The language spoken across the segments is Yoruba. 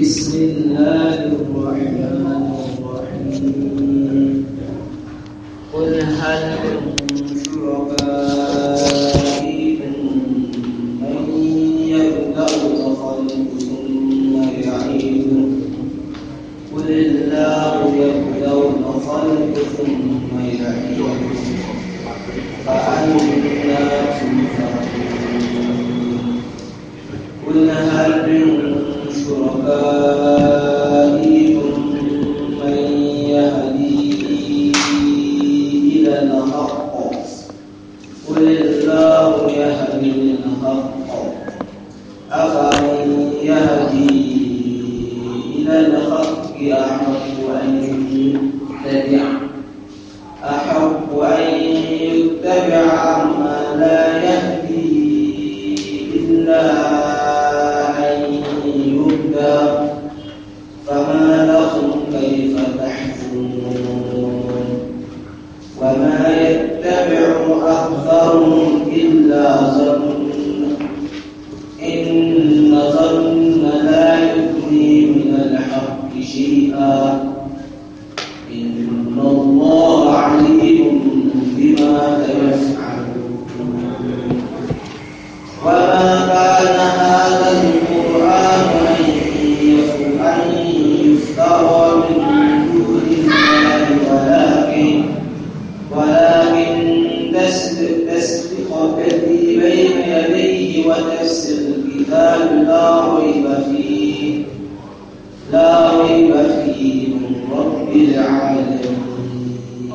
بسم الله الرحمن الرحيم قل هل من شركاء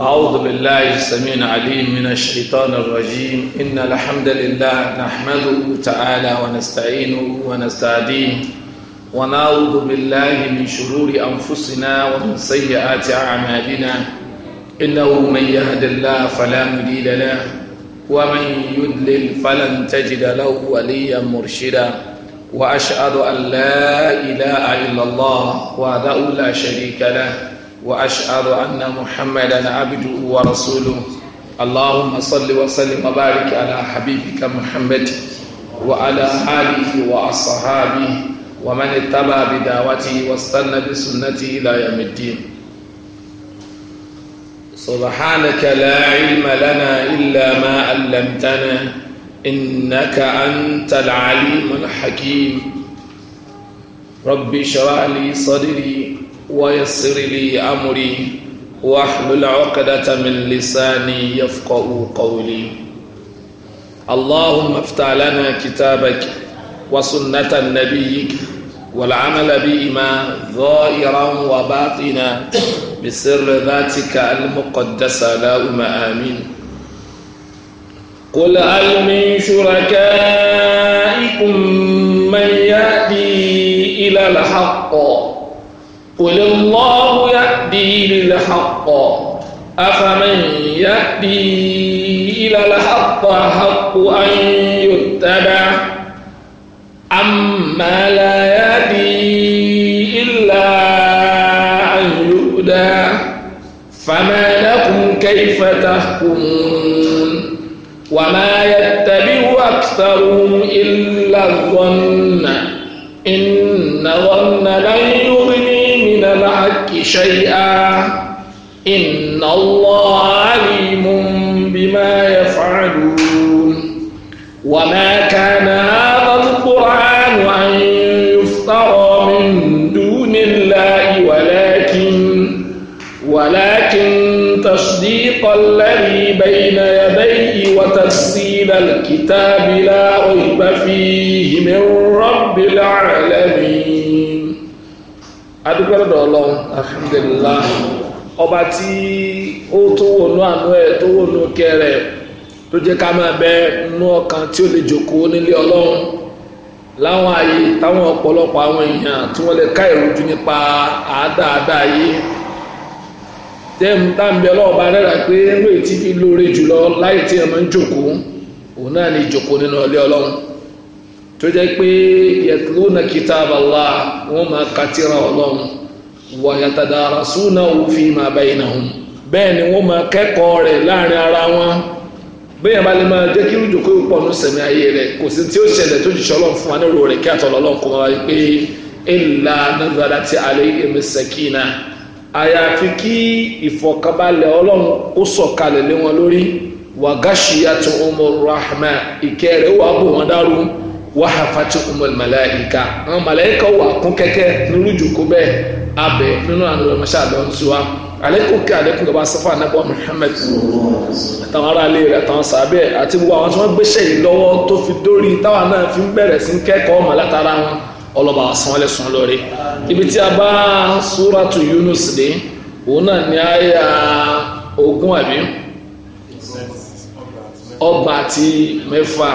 أعوذ بالله السميع العليم من الشيطان الرجيم إن الحمد لله نحمده تعالى ونستعينه ونستهديه ونعوذ بالله من شرور أنفسنا ومن سيئات أعمالنا إنه من يهد الله فلا مضل له ومن يضلل فلن تجد له وليا مرشدا وأشهد أن لا إله إلا الله وحده لا شريك له وأشهد أن محمدا عبده ورسوله اللهم صل وسلم وبارك على حبيبك محمد وعلى آله وأصحابه ومن اتبع بدعوته واستنى بسنته إلى يوم الدين سبحانك لا علم لنا إلا ما علمتنا إنك أنت العليم الحكيم رب اشرح لي صدري ويسر لي أمري واحلل عقدة من لساني يفقه قولي اللهم افتح لنا كتابك وسنة نبيك والعمل بهما ظاهرا وباطنا بسر ذاتك المقدسة اللهم آمين قل هل من شركائكم من يأتي إلى الحق قل الله يهدي للحق أفمن يهدي إلى الحق حق أن يتبع أما لا يهدي إلا أن يهدى فما لكم كيف تحكمون وما يتبع أكثرهم إلا الظن إن ظن لن يؤمن الحق شيئا إن الله عليم بما يفعلون وما كان هذا القرآن أن يفترى من دون الله ولكن ولكن تصديق الذي بين يديه وتفصيل الكتاب لا ريب فيه من رب العالمين adúpẹ́ lọ́dọ̀ ọlọ́run alhamdulillah ọba tí ó tó wọnú àánú ẹ̀ tó wọnú kẹrẹ̀ tó jẹ́ ká máa bẹ nínú ọkàn tí ó lè jókòó nílé ọlọ́run láwọn ààyè táwọn ọ̀pọ̀lọpọ̀ àwọn èèyàn tí wọ́n lè ká ìrújú nípa àádáadáa yìí tẹ́ẹ̀mù táǹbì ọlọ́ọ̀bá rẹ́ra pé ẹ̀rọ ètí fi lóore jùlọ láì tí ẹ̀ máa ń jókòó òun náà ní ìjókòó nínú ilé ọlọ́run tó jẹ́ pé yatluna kitab Allah wọ́n máa ka tírà ọlọ́run wa yatadarasunahu fima bainahum bẹ́ẹ̀ ni wọ́n máa kẹ́kọ̀ọ́ rẹ̀ láàrin ara wọn bẹ́ẹ̀ bá lè máa jẹ́ kí rújò kó pọ̀ ní sẹ̀mí ayé rẹ̀ kò sí tí ó ṣẹlẹ̀ tó jù fún wa ní ro rẹ̀ kí àtọ̀ kó pé wàhàfàtì umar malayika àwọn malayika wà kún kẹkẹ nínú jòkó bẹ́ẹ̀ abẹ nínú àwọn ọmọọṣẹ àlọntiwa alekun kí alekun kaba safa anabi muhammed àtàwọn ará ilé rẹ̀ àtàwọn sàbẹ àti gbogbo àwọn tí wọn gbéṣẹ́ yìí lọ́wọ́ tó fi dórí táwọn náà fi ń bẹ̀rẹ̀ sí kẹ́kọ̀ọ́ mọ látara wọn ọlọba àsan ẹlẹsùn lórí ibi tí a bá súratu yunus dé òun náà ní àyà ogún àbí ọgbà àti mẹ́fà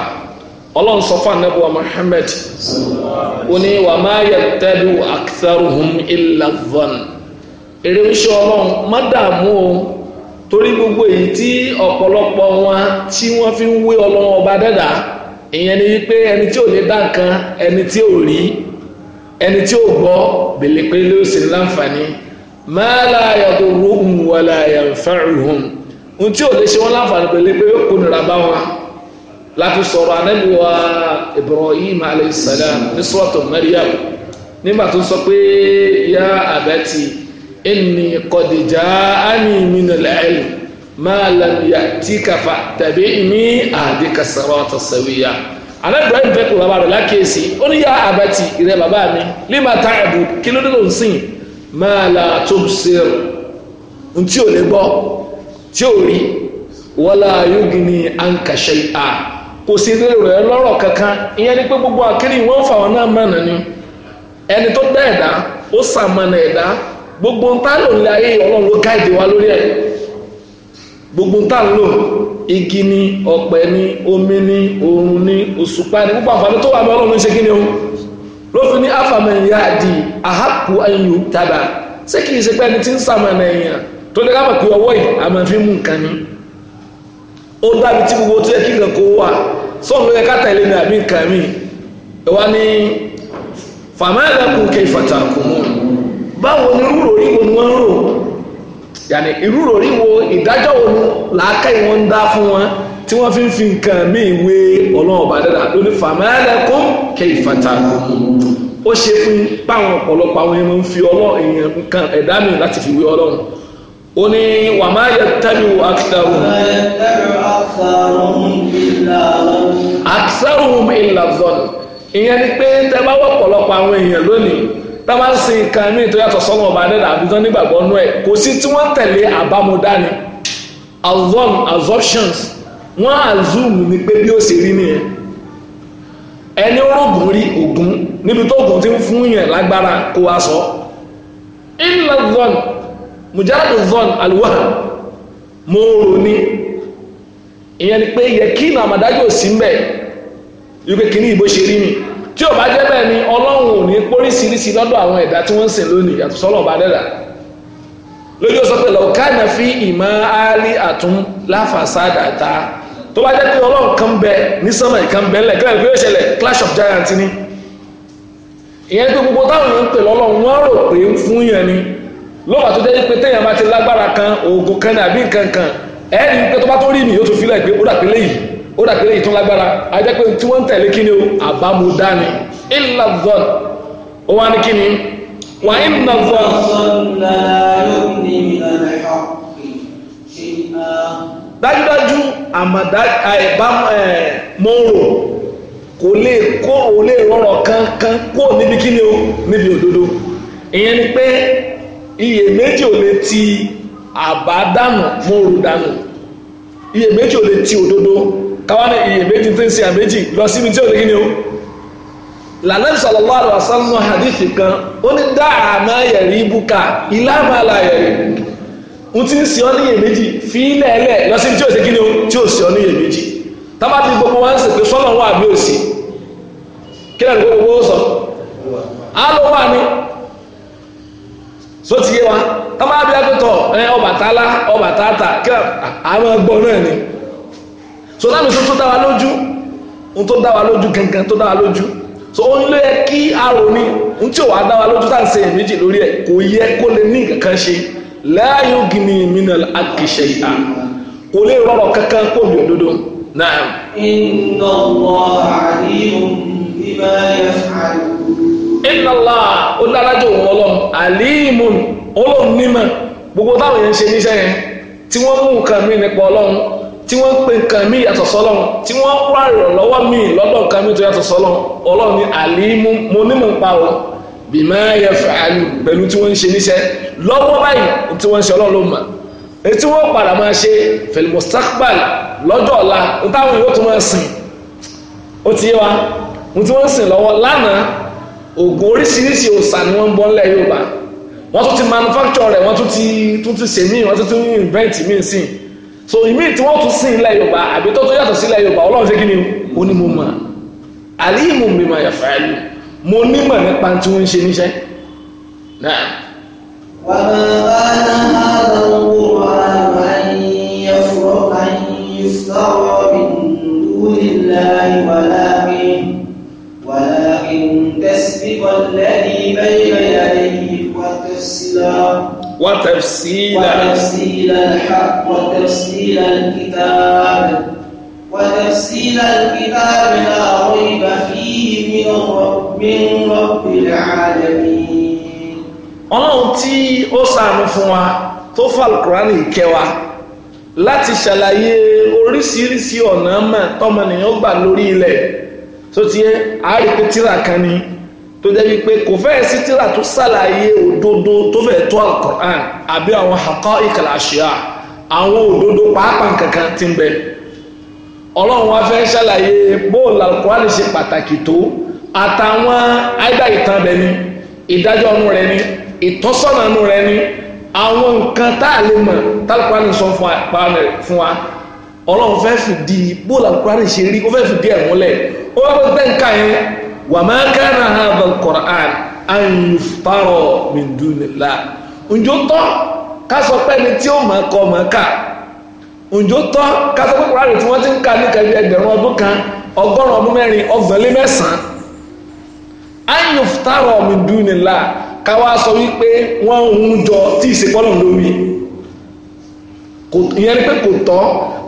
ọlọ́run sọ fún anabi wa muhammed ó ní wà má yattabi aktharuhum illa dhann èrè ń ṣe ọlọ́run má dààmú o torí gbogbo èyí tí ọ̀pọ̀lọpọ̀ wọn tí wọ́n fi ń wé ọlọ́run ọba dẹ́dà ìyẹn ni wípé ẹni tí ò ní dá nǹkan ẹni tí ò rí ẹni tí ò gbọ́ bèlèpé ló sì ní láǹfààní ma la yadurruhum wa la yanfa'uhum ohun tí ò lè ṣe wọ́n láǹfààní bèlèpé yóò kó nira bá wọn láti sọ̀rọ̀ ànábì wa Ibrahim aleyhisselam ní sọ́ọ̀tù Maryam nígbà tó sọ pé yá abati inni qad ja'ani minal ilm ma lam ya'tika fattabi'ni ahdika siratan sawiyya ànábì Ibrahim fẹ́ kó bàbá rẹ̀ lákèésí ó ní yá abati ìrẹ́ bàbá mi lima ta'budu kí ló dé ló ń sìn ma la tubsir ntí ò lè gbọ́ tí ò rí wala yughni anka shay'a. kò sí ilé rẹ̀ kankan ìyẹn ni pé gbogbo akiri wọn fà wọn náà mọ̀nà ni ẹni tó dá ẹ̀dá ó ẹ̀dá gbogbo ń tá lò ní ayé ọlọ́run wa lórí gbogbo ń tá igi ni ọ̀pẹ ni omi ni ni òṣùpá ni gbogbo àǹfààní tó wà ní ṣe kí ni o ló fi ní di àhàkù ayò ṣé kì í ṣe pé ẹni tí ń tó ó dábí tí gbogbo tó yẹ kí nǹkan kó wà sọ́ọ̀nù yẹ ká tẹ̀lé ní àbí nǹkan mi ẹ wá ní fàmáìlẹ́kù kẹ ìfàtàkù mọ́ báwo ni irú ròrí wo ni wọ́n ń rò yàní irú ròrí wo ìdájọ́ wo ni làákàyè wọn ń dá fún wọn tí wọ́n fi ń fi nǹkan míì wé ọlọ́run ọba dẹ́dà lórí fàmáìlẹ́kù kẹ ìfàtàkù ó ṣe fún báwọn ọ̀pọ̀lọpọ̀ àwọn èèyàn ń fi ọlọ́ ó ní wà máa yẹ tẹ́lú aksaru aksaru ìlà zọ́nù ìyẹn ni pé tẹ́ bá wọ́pọ̀lọpọ̀ àwọn èèyàn lónìí tá bá ń sin nǹkan ní ìtọ́jú àtọ̀ sọ́nà ọba adẹ́dà àbíjọ́ nígbàgbọ́ nú ẹ̀ kò sí tí wọ́n tẹ̀lé àbámúdá ni azọ́n assumptions wọ́n assume ni pé bí ó ṣe rí nìyẹn ẹni orógùn rí ògùn níbi tó ògùn ti ń fún yẹn lágbára kó wá sọ ìlà mujahadu zon alwa mo rò ní ìyẹn ni pé yẹ kí nà àmàdájú ò sí mbẹ yìí pé kíní ìbò ṣe rí mi tí ò bá jẹ́ bẹ́ẹ̀ ni ọlọ́run ò ní póríṣiríṣi lọ́dọ̀ àwọn ẹ̀dá tí wọ́n ń sìn lónìí yàtọ̀ sọ́lọ̀ ọba dẹ́dà lójú sọ pé lọ́ọ̀ká nà fi ìmọ̀ áálí àtún láfàṣádà ta tó bá jẹ́ pé ọlọ́run kan bẹ ní sánmà ìkan bẹ lẹ̀ kílẹ̀ pé ó ṣẹlẹ̀ clash of giants ni ìyẹn pé gbogbo táwọn èèyàn ń pè lọ́wọ́ tó jẹ́ pé téèyàn bá ti lágbára kan oògùn kan ní àbí nǹkan kan ẹ̀ẹ́dì pé tó bá tó rí mi yóò tó fi lẹ́gbẹ́ ó dà pé léyìí ó dà pé léyìí tó lágbára a pé tí wọ́n ń tẹ̀lé kí ni o àbámudá ni illa zon ó wá ní kí ni wà inna zon. dájúdájú àmàdá àìbámọ̀rò kò lè kó òun lè rọrọ̀ kankan kó níbi kí ni o níbi òdodo ìyẹn ni pé iyèméjì ò lè ti àbádànù mòrò dànù iyèméjì ò lè ti òdodo káwọn iyèméjì tó ń ṣe àméjì lọ síbi tí ò lè kí o lànàbí sallallahu alaihi hadithi kan ó ní dá àmà yẹ̀rí ibùkà ilá máa la yẹ̀rí n ti ń ṣe ọ́ níyèméjì fi lẹ́ẹ̀lẹ́ lọ síbi tí ò ṣe kí ni o tí ò ṣe ọ́ níyèméjì tábà tí gbogbo wa ń ṣe pé sọ́nà wà bí òsì kí lẹ́nu gbogbo ó sọ á ló so ti wa ọmọ abẹ́ akutọ̀ ẹ Ọbàtálá Ọbàtátà kí àwọn ẹgbọ́n ni so láàmì tó dá lójú n kankan so ó ń lé ni n tí lójú tá lórí ẹ kò yẹ kó lè ní kankan ṣe láàyò gini minal kò lè rọrọ kankan kó mi òdodo náà. ìlàlá onídàájọ́ òun ọlọ́run àlímùn ọlọ́run nímọ̀ gbogbo táwọn yẹn ń ṣe níṣẹ́ yẹn tí wọ́n mú nǹkan mí nípa ọlọ́run tí wọ́n pe nǹkan mí yàtọ̀ sọ́lọ́run tí wọ́n wá ìrànlọ́wọ́ mí lọ́dọ̀ nǹkan mí tó yàtọ̀ sọ́lọ́run ọlọ́run ni àlímù mo nímọ̀ ń pa o bìmọ̀ yẹ fàánù pẹ̀lú tí wọ́n ń ṣe níṣẹ́ lọ́wọ́ báyìí tí wọ́n ń ṣe ọlọ́run ló mọ̀ etí wọ́n padà máa ṣe fẹ̀lìmọ̀sákpàl lọ́jọ́ ọ̀la táwọn yóò tún máa sìn ó ti yé wa mo ti wọ́n sìn lọ́wọ́ lánàá oògùn oríṣiríṣi òòsà ni wọ́n ń bọ́ ńlẹ̀ Yorùbá wọ́n tún ti manufacture rẹ̀ wọ́n tún ti tún ti ṣe míì wọ́n tún ti invent míì sí i so ìmíì tí wọ́n tún sí ilẹ̀ Yorùbá àbí tó tún yàtọ̀ sí ilẹ̀ Yorùbá Ọlọ́run ṣe kí ni ó ní mo mọ̀ àlímù mi mà yàfẹ́ àlù mo nímọ̀ nípa tí wọ́n ń ṣe níṣẹ́ náà. wàá máa bá وتفسير وتفسير الحق وتفسير الكتاب وتفسير الكتاب لا ريب فيه من رب من رب العالمين ọlọ́run tí ó ṣàánú fún wa tó fàlùkùránì ìkẹwa láti ṣàlàyé oríṣiríṣi ọ̀nà mọ̀ tọmọnìyàn gbà lórí ilẹ̀ tó ti yẹ àárẹ̀ pé tíra kan ni tó jẹ́ wípé kò fẹ́ sí tíra tó ṣàlàyé òdodo tó fẹ́ tó alukur'an àbí àwọn haqa'iqal ashya àwọn òdodo pàápàá kankan ti ń bẹ ọlọ́run wa fẹ́ ṣàlàyé bóòlù alukur'an ṣe pàtàkì tó àtàwọn àìdá ìtàn rẹ ni ìdájọ́ ọ̀nù rẹ ni ìtọ́sọ́nà ọ̀nù rẹ ni àwọn nǹkan tá a lè mọ̀ tálùkùránì sọ fún wa ọlọ́run fẹ́ fìdí bóòlù alukur'an ṣe rí ó fẹ́ fìdí ẹ̀ múlẹ̀ ó wá pẹ́ tẹ́ǹkà yẹn wà má kánà hadha al-Qur'an an yuftara min dunillah ǹjọ́ tọ́ ká sọ pé ẹni tí ó mọ̀ kọ́ mọ̀ ká ǹjọ́ tọ́ ká tí wọ́n ti ń ka ní kẹbi ẹgbẹ̀rún ọdún kan ọgọ́rùn-ún ọdún mẹ́rin ọgbọ̀n lé mẹ́sàn-án an yuftara min dunillah ká wá sọ wípé wọ́n ń jọ tí ìsìnkọ́lọ̀ lórí ìyẹn ni pé kò tọ́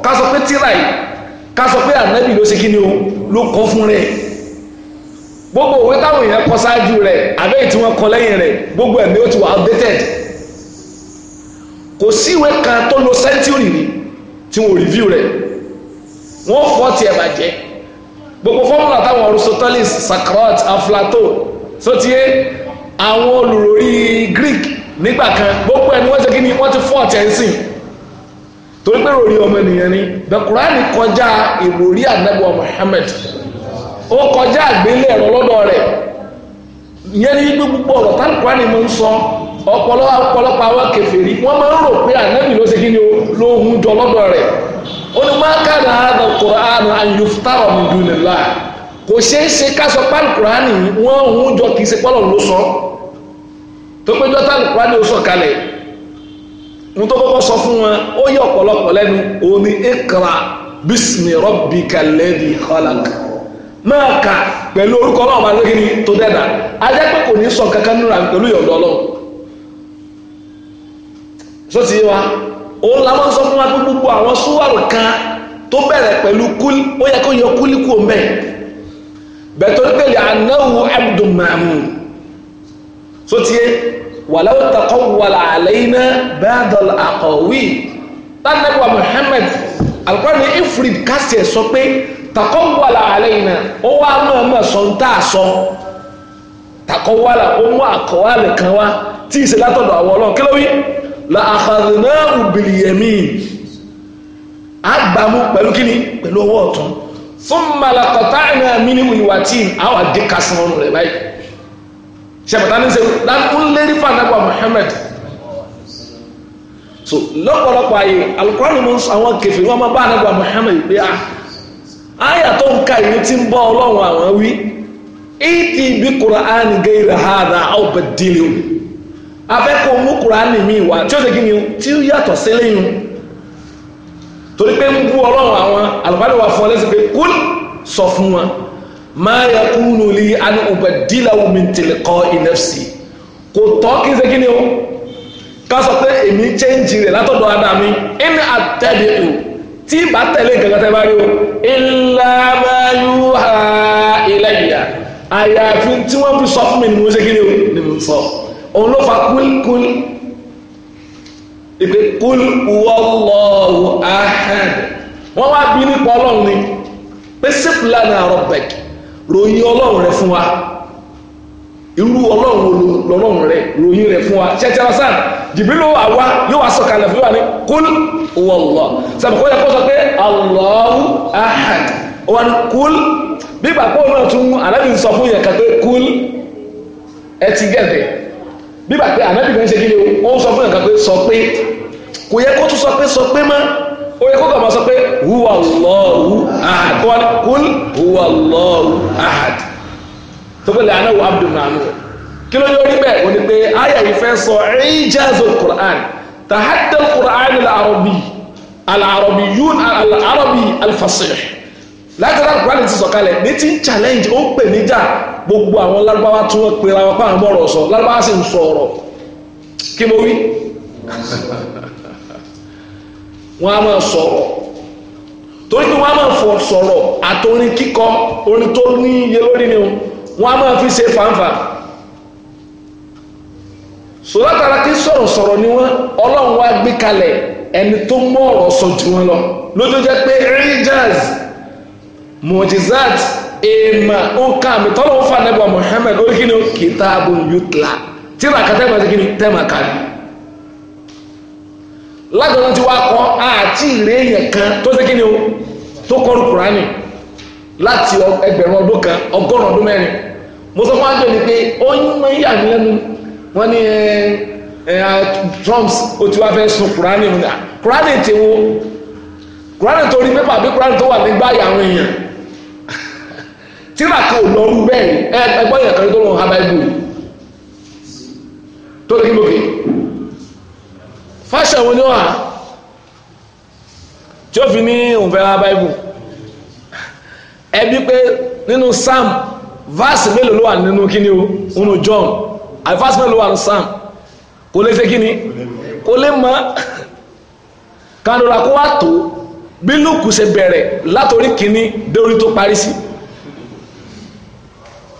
ká sọ pé tíra ànábì ló ṣe kí ni o ló kọ́ fún rẹ̀ gbogbo òwe táwọn èèyàn kọ ṣáájú rẹ̀ àbẹ́yì tí wọ́n kọ lẹ́yìn rẹ̀ gbogbo ẹ̀mí ó ti wà updated kò sí ìwé kan tó lo sẹ́ńtúrì rí tí wọ́n rìvíw rẹ̀ wọ́n fọ́ tiẹ̀ bàjẹ́ gbogbo fọ́mùlà táwọn Aristoteles Socrates aflato sotie àwọn olùròrí Greek nígbà kan gbogbo ẹni wọ́n ti kí ni wọ́n ti fọ́ tiẹ̀ ń sìn torí pé ròrí ọmọ ènìyàn ni the Quran kọjá ìròrí ànábì Muhammad ó kọjá àgbélẹ̀rọ lọ́dọ̀ rẹ̀ ìyẹn ní gbé gbogbo ọ̀rọ̀ táǹkùá ni mo ń sọ ọ̀pọ̀lọpọ̀ àwọn kèfèrí wọ́n máa ń rò pé ànábì ló ṣe kí ni ló hun jọ lọ́dọ̀ rẹ̀ ó ní máa ká ní àádọ́ kùránù ayọ̀fútàrọ̀ mi dùn nílá kò ṣeé ṣe ká sọ páǹkùránì wọ́n hun jọ kì í ṣe pọ́lọ̀ ló sọ tó pé jọ́tà kùránì ó sọ kalẹ̀ n tó kọ́kọ́ sọ fún wọn ó yẹ ọ̀pọ̀lọpọ̀ lẹ́nu òní ikra bísí mi rọ́bì kalẹ́ máa kà pẹ̀lú orúkọ ọlọ́run bá lókè ní tó dẹ́dà ajẹ́ pé kò ní sọ kankan nínú àmì pẹ̀lú ìyọ̀dọ̀ ọlọ́run só ti yé wa òun la máa ń sọ fún wa pé gbogbo àwọn súwárù kan tó bẹ̀rẹ̀ pẹ̀lú kúlí ó yẹ kó yọ kúlí kú omi bẹ̀ torí pé ànáwó abdulmamu só ti yé wàláwó takọ́ wàlà àlẹ́yìnà bẹ́ẹ̀dọ̀lù àkọ̀wé tánàbíwá Muhammad alukọ́ni ifrid kásìẹ̀ sọ pé takọ́wàlà àlẹ́yìnà ó wá mọ̀ọ́mọ̀ sọ ń tà sọ takọ́wàlà ó mú àkọ́wàlẹ̀ kan wá tí ìṣe látọ̀dọ̀ àwọn ọlọ́run kí ló wí la àkàdùnà òbìlì yẹ̀mí àgbàmú pẹ̀lú kíni pẹ̀lú ọwọ́ ọ̀tún fún malakọ̀tà náà mínímù ìwà tí àwọn àdìka sí wọn rẹ̀ báyìí ṣẹ̀bọ̀tà ní ṣe lákún lérí fànàgbà Muhammad so lọ́pọ̀lọpọ̀ ayé alukọ́ni mọ́ àwọn kẹfì wọn bá ànàgbà Muhammad pé ah àyà tó ń ka ìlú tí ń bọ́ ọlọ́run àwọn wí ìtì bí kùránì gẹ́rẹ́ hàdà ọ̀bẹ dìlẹ̀ o afẹ́kọ̀ọ́ mú mi wá tí ó ṣe kí ni tí ó yàtọ̀ sí lẹ́yìn torí pé ń bú ọlọ́run àwọn àlùbáríwá fún ọ lẹ́sìn pé kún sọ fún wọn máa yẹ kúnnù lé àni ọ̀bẹ dìlẹ̀ omi tìlẹ̀kọ́ ìnẹ́fsì kò tọ́ kí n ṣe kí ni o ká sọ pé èmi látọ̀dọ̀ ẹni o. tí bá tẹ̀lé nǹkan kan tẹ́ bá rí o ìlàmáyúhà ìlẹ́yìnà àyàfi tí wọ́n fi sọ fún mi nínú ṣé kí ni o nínú sọ òun ló fa kúlkúl ìpè kúl wọ́lọ́wù ahad wọ́n wá bí nípa ọlọ́run ni pé sípìlà náà rọ̀bẹ̀kì ròyìn ọlọ́run rẹ̀ fún wa irú ọlọ́run lọ́lọ́run rẹ̀ ròyìn rẹ̀ fún wa ṣẹ́tí ọ̀sán jìbìlò àwa yóò wá sọ̀kalẹ̀ fún wa ní kún huwa Allah sàbùkọ́ yẹ kó sọ pé Allahu ahad wà ní kún bí bàbá òun náà tún ànábì ń sọ fún yẹn kàpé kún ẹ ti gẹ̀dẹ̀ bí bàbá ànábì kan ṣe kí ni ó sọ fún yẹn kàpé sọ pé kò yẹ kó tún sọ pé sọ pé mọ́ ó yẹ kó kàn máa sọ pé huwa Allahu ahad wà ní kún huwa Allahu ahad tó fẹ́ lẹ́ anáwó abdul nanu kí ló yọrí bẹ́ẹ̀ o ní pé ayé yìí fẹ́ sọ ijazo quran tahadal quran al-arabi al-arabi yun al-arabi al-fasih látara quran ti sọ̀kalẹ̀ ní ti ń challenge ó ń pè níjà gbogbo àwọn lárúbáwá tí wọ́n pera wọn pàmò ọ̀rọ̀ sọ lárúbáwá sì ń sọ ọ̀rọ̀ kí mo wí wọ́n á máa sọ̀rọ̀ torí pé wọ́n á máa fọ̀ sọ̀rọ̀ àtorin kíkọ orin tó ní iye lórí ni o wọ́n a máa fi ṣe fàǹfà so látara kí sọ̀rọ̀sọ̀rọ̀ ni wọ́n ọlọ́run wá gbé kalẹ̀ ẹni tó mọ̀ ọ̀rọ̀ sọ jù wọn lọ lójú jẹ́ pé rijaz mujizat èèmà nǹkan àmì tọ́lọ̀ ń fa nẹ́bà Muhammad orí kíni kitabun yutla tí ìràkà tẹ́mà sí kíni tẹ́mà kàrí látọ̀nà tí wá kọ́ àti ìrẹ́ èèyàn kan tó sí kíni tó kọ́rù Kùránì láti ẹgbẹ̀rún ọdún kan ọgọ́rùn ọdún mẹ́rin mo sọ fún onye ni pé ó ń mọ ìyá mi lẹ́nu wọ́n ní ó ti wá sun kurani mu kurani ah, ti wo kùránì tó rí pépà bí kùránì tó wà nígbà yà àwọn èèyàn tíra kan ò lọ rú bẹ́ẹ̀ ẹ ẹgbọ́n yẹn tó ha tó lè kí lókè wo ni wà tí ha ẹbí pé nínú verse mélòó ló wà nínú kíni o nínú John àbí verse mélòó ló wà nínú Sam kò lè ṣe kíni kò lè mọ kanura kó wá tó bí lùkù ṣe bẹ̀rẹ̀ látòrí kíni dórí tó parí sí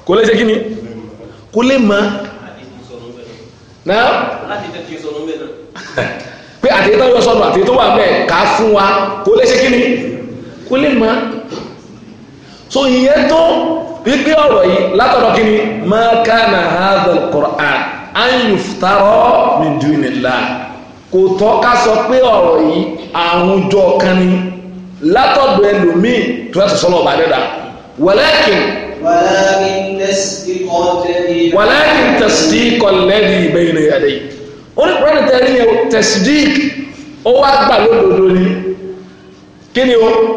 kò lè ṣe kíni kò lè mọ pé àtẹ̀yẹ́ tó yọ sọ́nù àtẹ̀yẹ́ tó wà mẹ́ẹ̀ ká fún wa kò lè ṣe kíni kò lè mọ so ìyẹn tó wípé ọ̀rọ̀ yìí látọ̀dọ̀ kí ni ma kana hadha al-Qur'an an yuftara min dunillah kò tọ́ ká sọ pé ọ̀rọ̀ yìí àwùjọ kan ni látọ̀dọ̀ ẹlòmíì tó yàtọ̀ sọ́lọ̀ ọ̀bà dẹ́dà walakin walakin tasdiq alladhi bayna yadayhi onípùrọ́nì tẹ́rí ni tasdiq ó wá gbà lódodo ni kí ni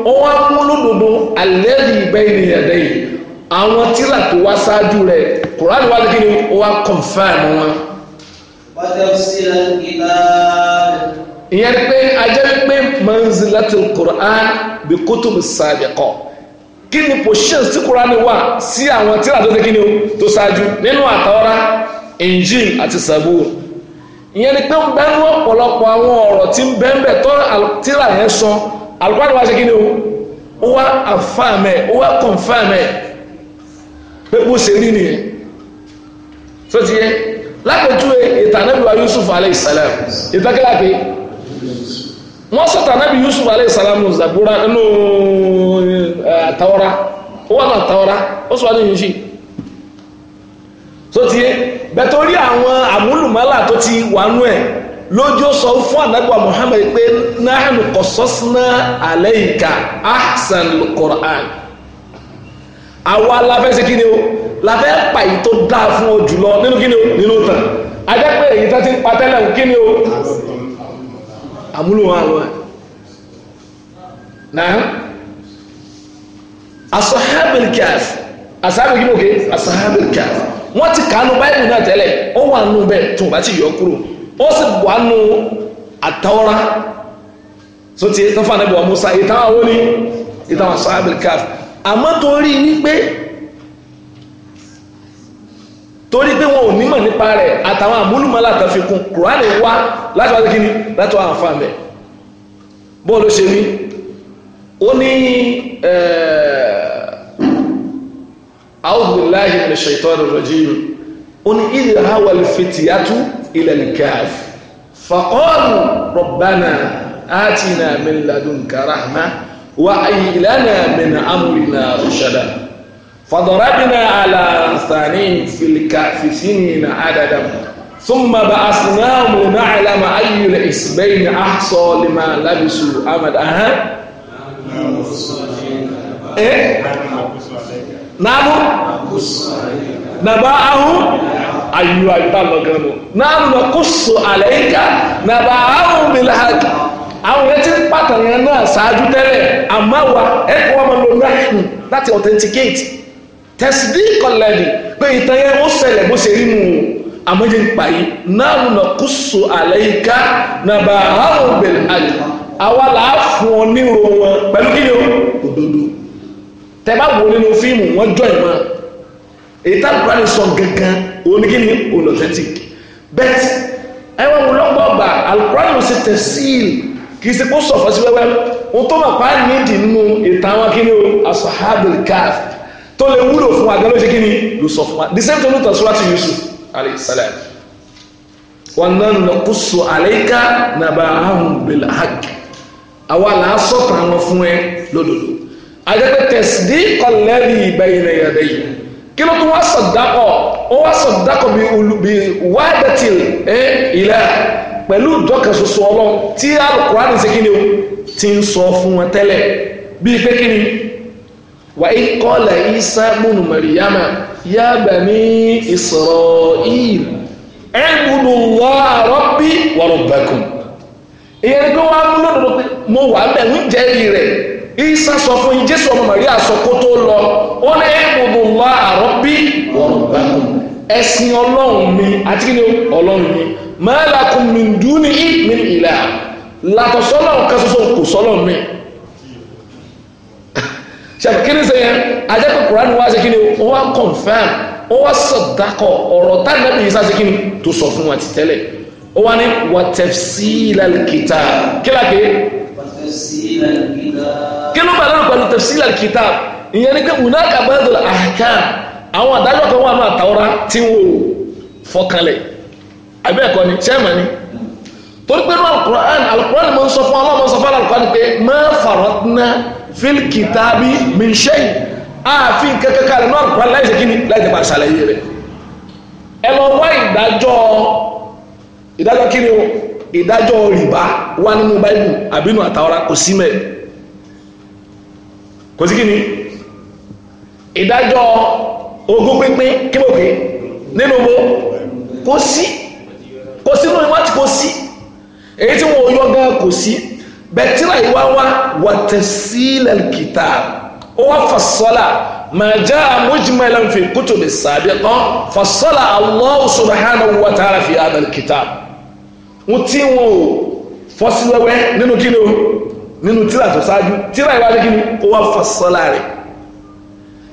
ó wá mú lódodo alladhi bayna yadayhi àwọn tíra tó wá ṣáájú rẹ̀ kùránì wá lékè ni ó wá confirm wọn. ìyẹn pé ajẹ́ pé manzilatul Qur'an bí kutub sabiqa kí ni position sí kùránì wà sí àwọn tíra tó lékè ni tó ṣáájú nínú àtàwọ́rá Injil àti Zabur ìyẹn ni pé ń bẹ́nu ọ̀pọ̀lọpọ̀ àwọn ọ̀rọ̀ tí ń bẹ́ńbẹ̀ tọ́ tíra yẹn sọ alùpàdé wa ṣe kí ni o ó wá àfàmẹ́ ó wá kọ̀ǹfàmẹ́ pépò ni nìyẹn tó ti yẹ lápẹ̀túwe ìtàn Yusuf alayhi salam wọ́n sọ̀tà Yusuf Zabura nínú àtàwọ́ra ó wà ní àtàwọ́ra ó sọ wà ní yìí tó ti yé bẹ́ẹ̀ àwọn tó ti wà nú ẹ̀ lójó sọ fún àdágbà pé àwa la fẹ́ ṣe kí o la fẹ́ pa èyí tó dáa fún ọ jùlọ nínú kí ni o nínú tàn ajẹ́ pé èyí tó ti ń pa tẹ́lẹ̀ kí ni o àmúlò wọn àlọ́ ẹ̀ náà asahabil kaf asahabil kí ni òkè asahabil kaf wọ́n ti kànú báyìí náà tẹ́lẹ̀ ó wà nù bẹ́ẹ̀ tó bá ti yọ kúrò ó sì wà nù àtàwọ́rá tó ti tọ́fà náà bọ̀ Musa ìtàn àwọn ní ìtàn asahabil kaf. àmọ́ torí wípé torí pé wọn ò nímọ̀ nípa rẹ̀ àtàwọn àmúlùmọ́lá kan fi kún kùránì wá láti wáyé kíni láti wá àǹfà mẹ́ bó ló ṣe ní ó ní a'udhu billahi minash shaitanir rajim ó ní idh hawal fityatu ilal kahf faqalu rabbana atina min ladunka وحي لنا من أمرنا رشدا فضربنا على أنثانهم في الكهف سنين عددا ثم بعثناهم نعلم أي الحزبين أحصى لما لبسوا أمدا أها إيه؟ نعم نبأهم أيها أيوة, أيوة، نعم نقص عليك نباعه بالحق àwọn yẹn ti ń pàtàkì yẹn náà ṣáájú tẹ́lẹ̀ àmọ́ wa ẹ̀kọ́ wọn lò náà láti authenticate tẹ̀sídì kọlẹ́ẹ̀dì pé ìtàn yẹn ó ṣẹlẹ̀ bó ṣe rí nù àmọ́ yẹn ń pa yìí náà nà kó so àlẹ́ yìí ká nà bá àwọn òbẹ̀rẹ̀ àjọ àwa là á fún ọ ní ro wọn pẹ̀lú kí ni òdodo tẹ bá wo nínú fíìmù wọn jọ ìmọ̀ èyí àgbà ni sọ gangan òun kí ni authentic bẹ́ẹ̀ ẹ wọ́n wọ́n lọ́gbọ̀ọ́gbà alukurani ò sì tẹ̀síìlì kìí ṣe kó sọ̀fọ́ sí wẹ́wẹ́ ohun tó mọ̀ pa nídìí nínú ìtàn àwọn kí ni o asahabil kaf tó lè wúlò fún wa gẹ́lẹ́ ṣe kí ni ló sọ fún wa the same thing ló tàn sọ́wọ́ Yusuf alayhi salam wọn náà nà kó so àlẹ́ká nàbà ahùn bẹ̀lẹ̀ hàk àwa là á sọ̀tàn àwọn fún ẹ lódodo àjẹpẹ́ tẹ̀sídì kọlẹ́rì ìbẹ̀yìn ẹ̀yẹ̀dẹ̀ yìí kí ló tún wá sọ̀dákọ̀ ó wá sọ̀dákọ̀ bí wádàtì ẹ̀ ìlà pẹ̀lú ìjọkan ṣoṣo ọlọ́run tí alukurani ṣe kíni o ti ń sọ fún wọn tẹ́lẹ̀ bíi pé kíni wà kọ́lẹ̀ isa múnú mẹ̀ríyàmà yá bani isra'il ẹ̀bùnú wọ́ àrọ́bí warabbakum ìyẹn mú lọ́dọ̀ pé mo wà bẹ̀ ń jẹ́rìí rẹ̀ isa sọ fún yín jésù ọmọ màríà sọ kó tó lọ ó ní ẹ̀bùnú wọ́ àrọ́bí warabbakum ẹ̀sìn ọlọ́run mi àti ma lakum min dunihi min ilah látọ̀ sọ́lọ̀ kan ṣoṣo kò sọ́lọ̀ mi ṣàkíní sẹ́yìn ajẹ́kọ̀ọ́ kùránì wá ṣe kí ni wọ́n á confirm ó wá sọ̀dákọ̀ ọ̀rọ̀ tánàbí yìí sáṣe kí ni tó sọ fún wa ti tẹ́lẹ̀ ó wá ní wa tafsilal kitab kílàkì kí ló bá lọ́nà àbẹ́ẹ̀kọ́ ni sẹ́mọ̀ ni torí pé ní alukur'an alukur'an ni mo ń sọ fún ọlọ́mọ sọ fún alukur'an pé ma faratna fil kitabi min shay ààfin kankan kalẹ̀ ní alukur'an láìsẹ̀ kí ni láìsẹ̀ máa ṣàlàyé rẹ̀ ẹ lọ wá ìdájọ́ ìdájọ́ kí ni o ìdájọ́ rìbá wà nínú báyìí àbínú àtàwọn kò sí mẹ́ kò sí kí ni ìdájọ́ ogún pínpín kí ló pé nínú mo kò sí kò sínú ìwá tí kò sí èyí tí wọn ò yọ gan kò sí bẹ̀tírà ìwá wa wàtẹ̀sílẹ̀ kìtà ó wá fasọ́là ma jaa mujmalan fi kutubi sabiqa fasọ́là Allahu subhanahu wa ta'ala fi hadha al-kitab wọ́n tí wọn ò fọ́ sí wẹ́wẹ́ nínú kí ni o nínú tíra tó ṣáájú tíra ìwádìí kí ni ó wá fasọ́là rẹ̀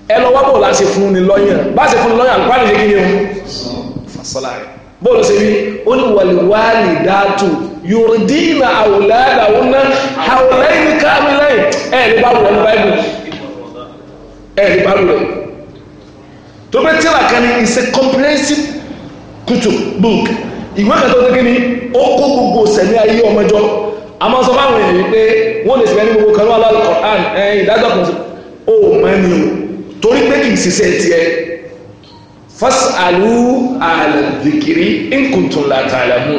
ẹ lọ wá bọ̀ láti fún ni lọ́yìn bá fún ni lọ́yìn àlùkò kí ni o fasọ́là rẹ̀ bóòlù sí rí ó ní wàlíwàlì dáàtù yòrìdínà àwòlẹ́dà òunà àwòlẹ́yìn káàmìlẹ́yìn ẹ̀rí bá wùrẹ̀ ní báyìí ẹ̀rí bá wùrẹ̀ tó bẹ́ tíra kan ní is a comprehensive kutub book ìwé kan tó tẹ́kí ni ó kó gbogbo sẹ̀mí ayé ọmọjọ́ a sọ fáwọn ènìyàn pé wọ́n lè sẹ̀mí gbogbo kan wà lálùkọ̀ọ́án ẹ̀yìn ìdájọ́ kan ó mẹ́ni torí pé kì í ṣiṣẹ́ tiẹ̀ fasalu alìkiri nkùntùn làtàlẹ́mù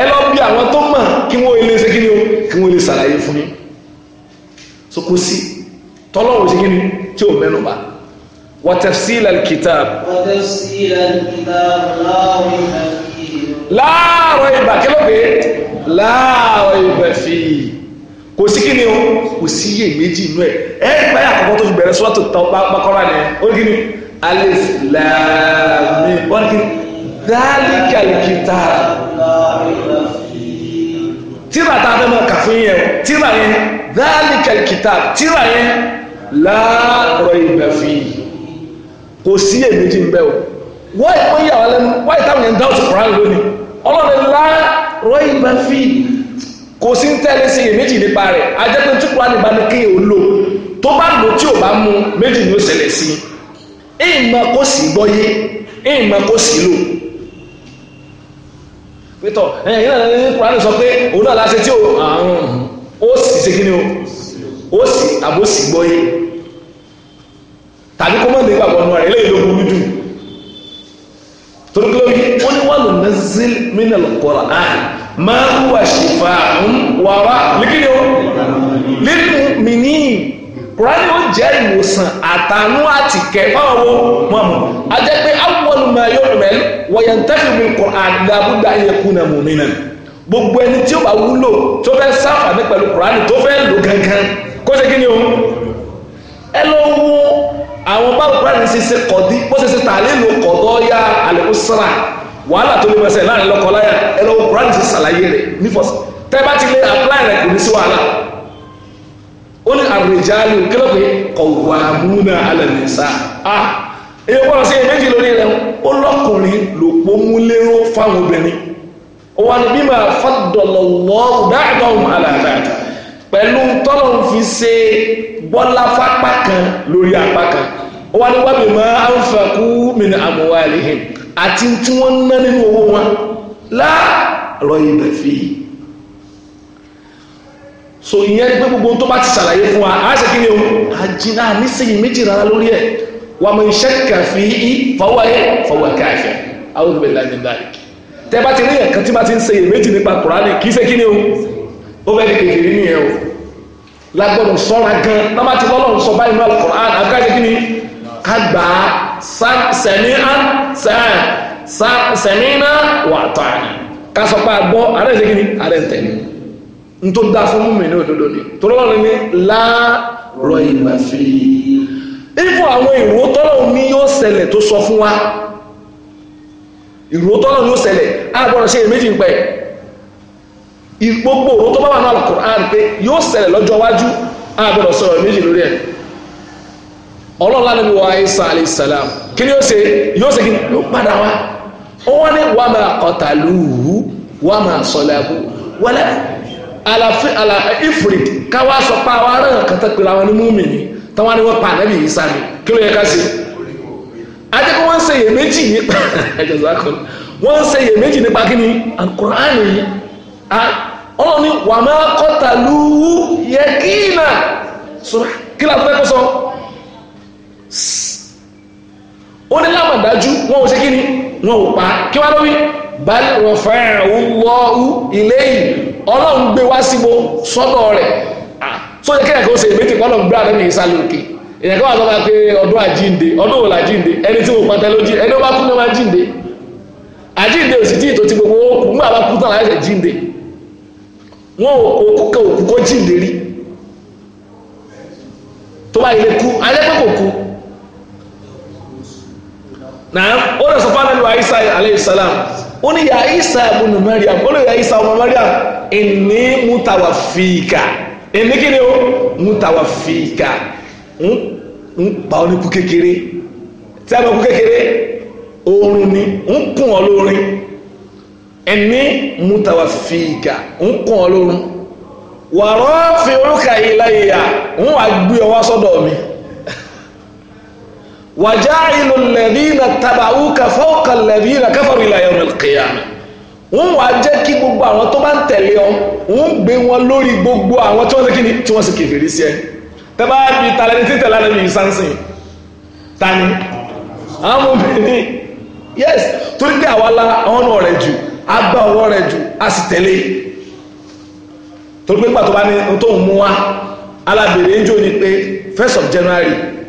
ẹ lọ bí àwọn tó mọ̀ kí wọ́n ilé ṣe kí ni o kí wọ́n ilé ṣàlàyé fún yín so kò sí tọ́lọ́wọ́ ṣe kí ni tí ò mẹ́nu bá وتفصيل الكتاب وتفصيل الكتاب لا ريب فيه لا ريب كيلو بي لا ريب فيه kò sí kí ni o kò sí iyèméjì inú ẹ ẹ gbáyà àkọ́kọ́ tó fi bẹ̀rẹ̀ sọ́tò tán bá kọ́ra ni ó ní kí ni alif laami wọ́n kí dálíkà ìkìtà tíra tá a fẹ́ máa kà fún yẹn tíra yẹn dálíkà ìkìtà tíra yẹn láàárọ̀ ìbẹ̀fì kò sí èméjì ń bẹ́ o wọ́n ìpín yà wá lẹ́nu wọ́n ìtàwọn yẹn dáwọ́ sí Kùránì lónìí ọlọ́run láàárọ̀ ìbẹ̀fì kò sí ń tẹ́lẹ̀ sí èméjì nípa rẹ̀ ajẹ́pẹ́ tí Kùránì bá ní kéèyàn lò tó bá lò tí ò bá mú méjì ni ó ṣẹlẹ̀ sí i ìmọ̀ kó sì gbọ́yé ìmọ̀ kó sì lò pétọ̀ ẹ̀yìn náà ní kùránì sọ pé òun náà láṣẹ tí àrùn ó sì ṣe kí ni ó sì àbó sì gbọ́yé tàbí kó mọ̀ nígbà wọnú rẹ̀ eléyìí ló burú jù torí pé wọ́n ní wọ́n lò ní zil minal Qur'an ma huwa shifa'un wàrà líkìlì ó lil mu'minin kùránì ó jẹ́ ìwòsàn àtànú àti kẹfà owó mọ̀mọ́ a jẹ́ pé awọ́lu máa yọ rẹ̀ wọ̀yẹ̀ntẹ́fì mi kọ̀ àdàbúdà yẹkù nà mùmínà gbogbo ẹni tí ó bá wúlò tó fẹ́ sáfàní pẹ̀lú kùránì tó fẹ́ lò gangan kó ṣe kí ni o ẹ lọ wo àwọn báwo kùránì ṣe ṣe kọ̀dí bó ṣe ṣe tàlẹ́ lò kọ̀dọ́ yá àlẹ́kùn sára wàhálà tó lè mọ̀ ṣẹ̀ láàrin lọ́kọ̀ọ́láyà ẹ lọ wo kùránì ó ní àrèjálù kílọ̀ pé kọ̀wà múnà alẹ́nisa a èyí wọ́n sí méjì lórí rẹ̀ ó lọ́kùnrin lòpó múlérò fáwọn obìnrin ó wà ní bímọ fọdọlọwọ dáàdọ̀hún alàdáàdà pẹ̀lú tọ́lọ̀ ń fi ṣe bọ́lá fápá kan lórí apá kan ó wà ní wábì máa ń fàkú min àmúwálìhìn àti tí wọ́n ń ná nínú owó wọn láàrọ̀ ìbẹ̀fì yìí so ìyẹn pé gbogbo tó bá ti ṣàlàyé fún wa á ṣe kí ni o àjìnà nísìnyí méjì rárá lórí ẹ̀ wà mọ̀ iṣẹ́ kàfí í fọwọ́ ẹ̀ fọwọ́ káàfẹ́ àwọn olùbẹ̀ láti ní báyìí tẹ́ bá ti rí ẹ̀kan tí bá ti ń ṣe iyèméjì nípa kùránì kì í ṣe kí ni o ó fẹ́ di kékeré nìyẹn o lágbọ́dọ̀ sọ́ra gan náà bá ti lọ́lọ́run sọ báyìí náà kùránì àbúkáṣe kí ni ká gbà á sẹ́mi á sẹ́mi wà tán ká sọ n tó dá fún mùmí ní òdodo ni tọ́lọ́run ní láàárọ̀ ìgbà fi ifo àwọn ìró tọ́lọ́run ní yóò ṣẹlẹ̀ tó sọ fún wa ìró tọ́lọ́run ní yóò ṣẹlẹ̀ á gbọ́dọ̀ ṣe èméjì ń pẹ́ gbogbo òró tó bá wà náà Al-Qur'an pé ni yóò ṣe yóò ṣe kí ló padà wá àlàfin àlà ifrit káwá sọ pa àwọn ará nǹkan tó pèrè àwọn onímọ̀mì ni táwọn ni wọ́n pa ànábì yìí sáré kí ló yẹ ká sí. ajẹ́ kí wọ́n ń ṣèyẹ méjì nípa ẹ̀jẹ̀ zákọ̀ wọ́n nípa kí ni àkùránì ọlọ́ni wà máa kọ́ta lúwú yẹ kí nà kí kó sọ ó ní lámàdájú wọn ò ṣe kí ni wọn ò pa kí wá lórí. báyìí wọ́n fẹ́ràn òun lọ́ọ́hù ilé yìí ọlọ́run gbé wá sí mo sọ́dọ̀ rẹ̀ tó yẹ kẹ́kẹ́ kó ṣe èmi ti kọ́ lọ́n gbé àdán ní ìsàlẹ̀ òkè ìyẹn pé ọdún àjínde ọdún àjínde ẹni tí mo pàtẹ lójú ẹni ó bá kú ní ọmọ àjínde àjínde ò sì tí ìtò ti gbogbo oku mú àbá kú tán jínde wọn kẹ òkú kó jínde rí tó ó ní yà Ìsá ibn Maryam ó lè yà Ìsá ọmọ Maryam fika mutawaffika inni kí ni ó mutawaffika ń pa ọ́ ní kú kékeré tí a bá kú kékeré oorun ni ń kùn ọ́ lórin inni mutawaffika ń kùn ọ́ lórun wa rafi'uka ilayya ń wà gbé ọwọ́ sọ́dọ̀ mi wàjáìlú lẹ́bínà tàbàúkà fọ́ọ̀kà lẹ́bínà káfàrú ìlà yawm al-qiyamah wọ́n wà jẹ́ kí gbogbo àwọn tó bá ń tẹ̀lé ọ wọ́n gbé wọn lórí gbogbo àwọn tí wọ́n ṣe kíni tí wọ́n ṣe kèfèrí sí ẹ tẹ́bá bí talẹ́ni tí tẹ̀lé alẹ́ yìí sánsìn tani àwọn obìnrin yes torí pé àwa la àwọn náà rẹ̀ jù a gbà ọwọ́ rẹ̀ jù a sì tẹ̀lé torí pé pàtó bá ní tó ń mú wa alábèrè ń jò ní pé first of January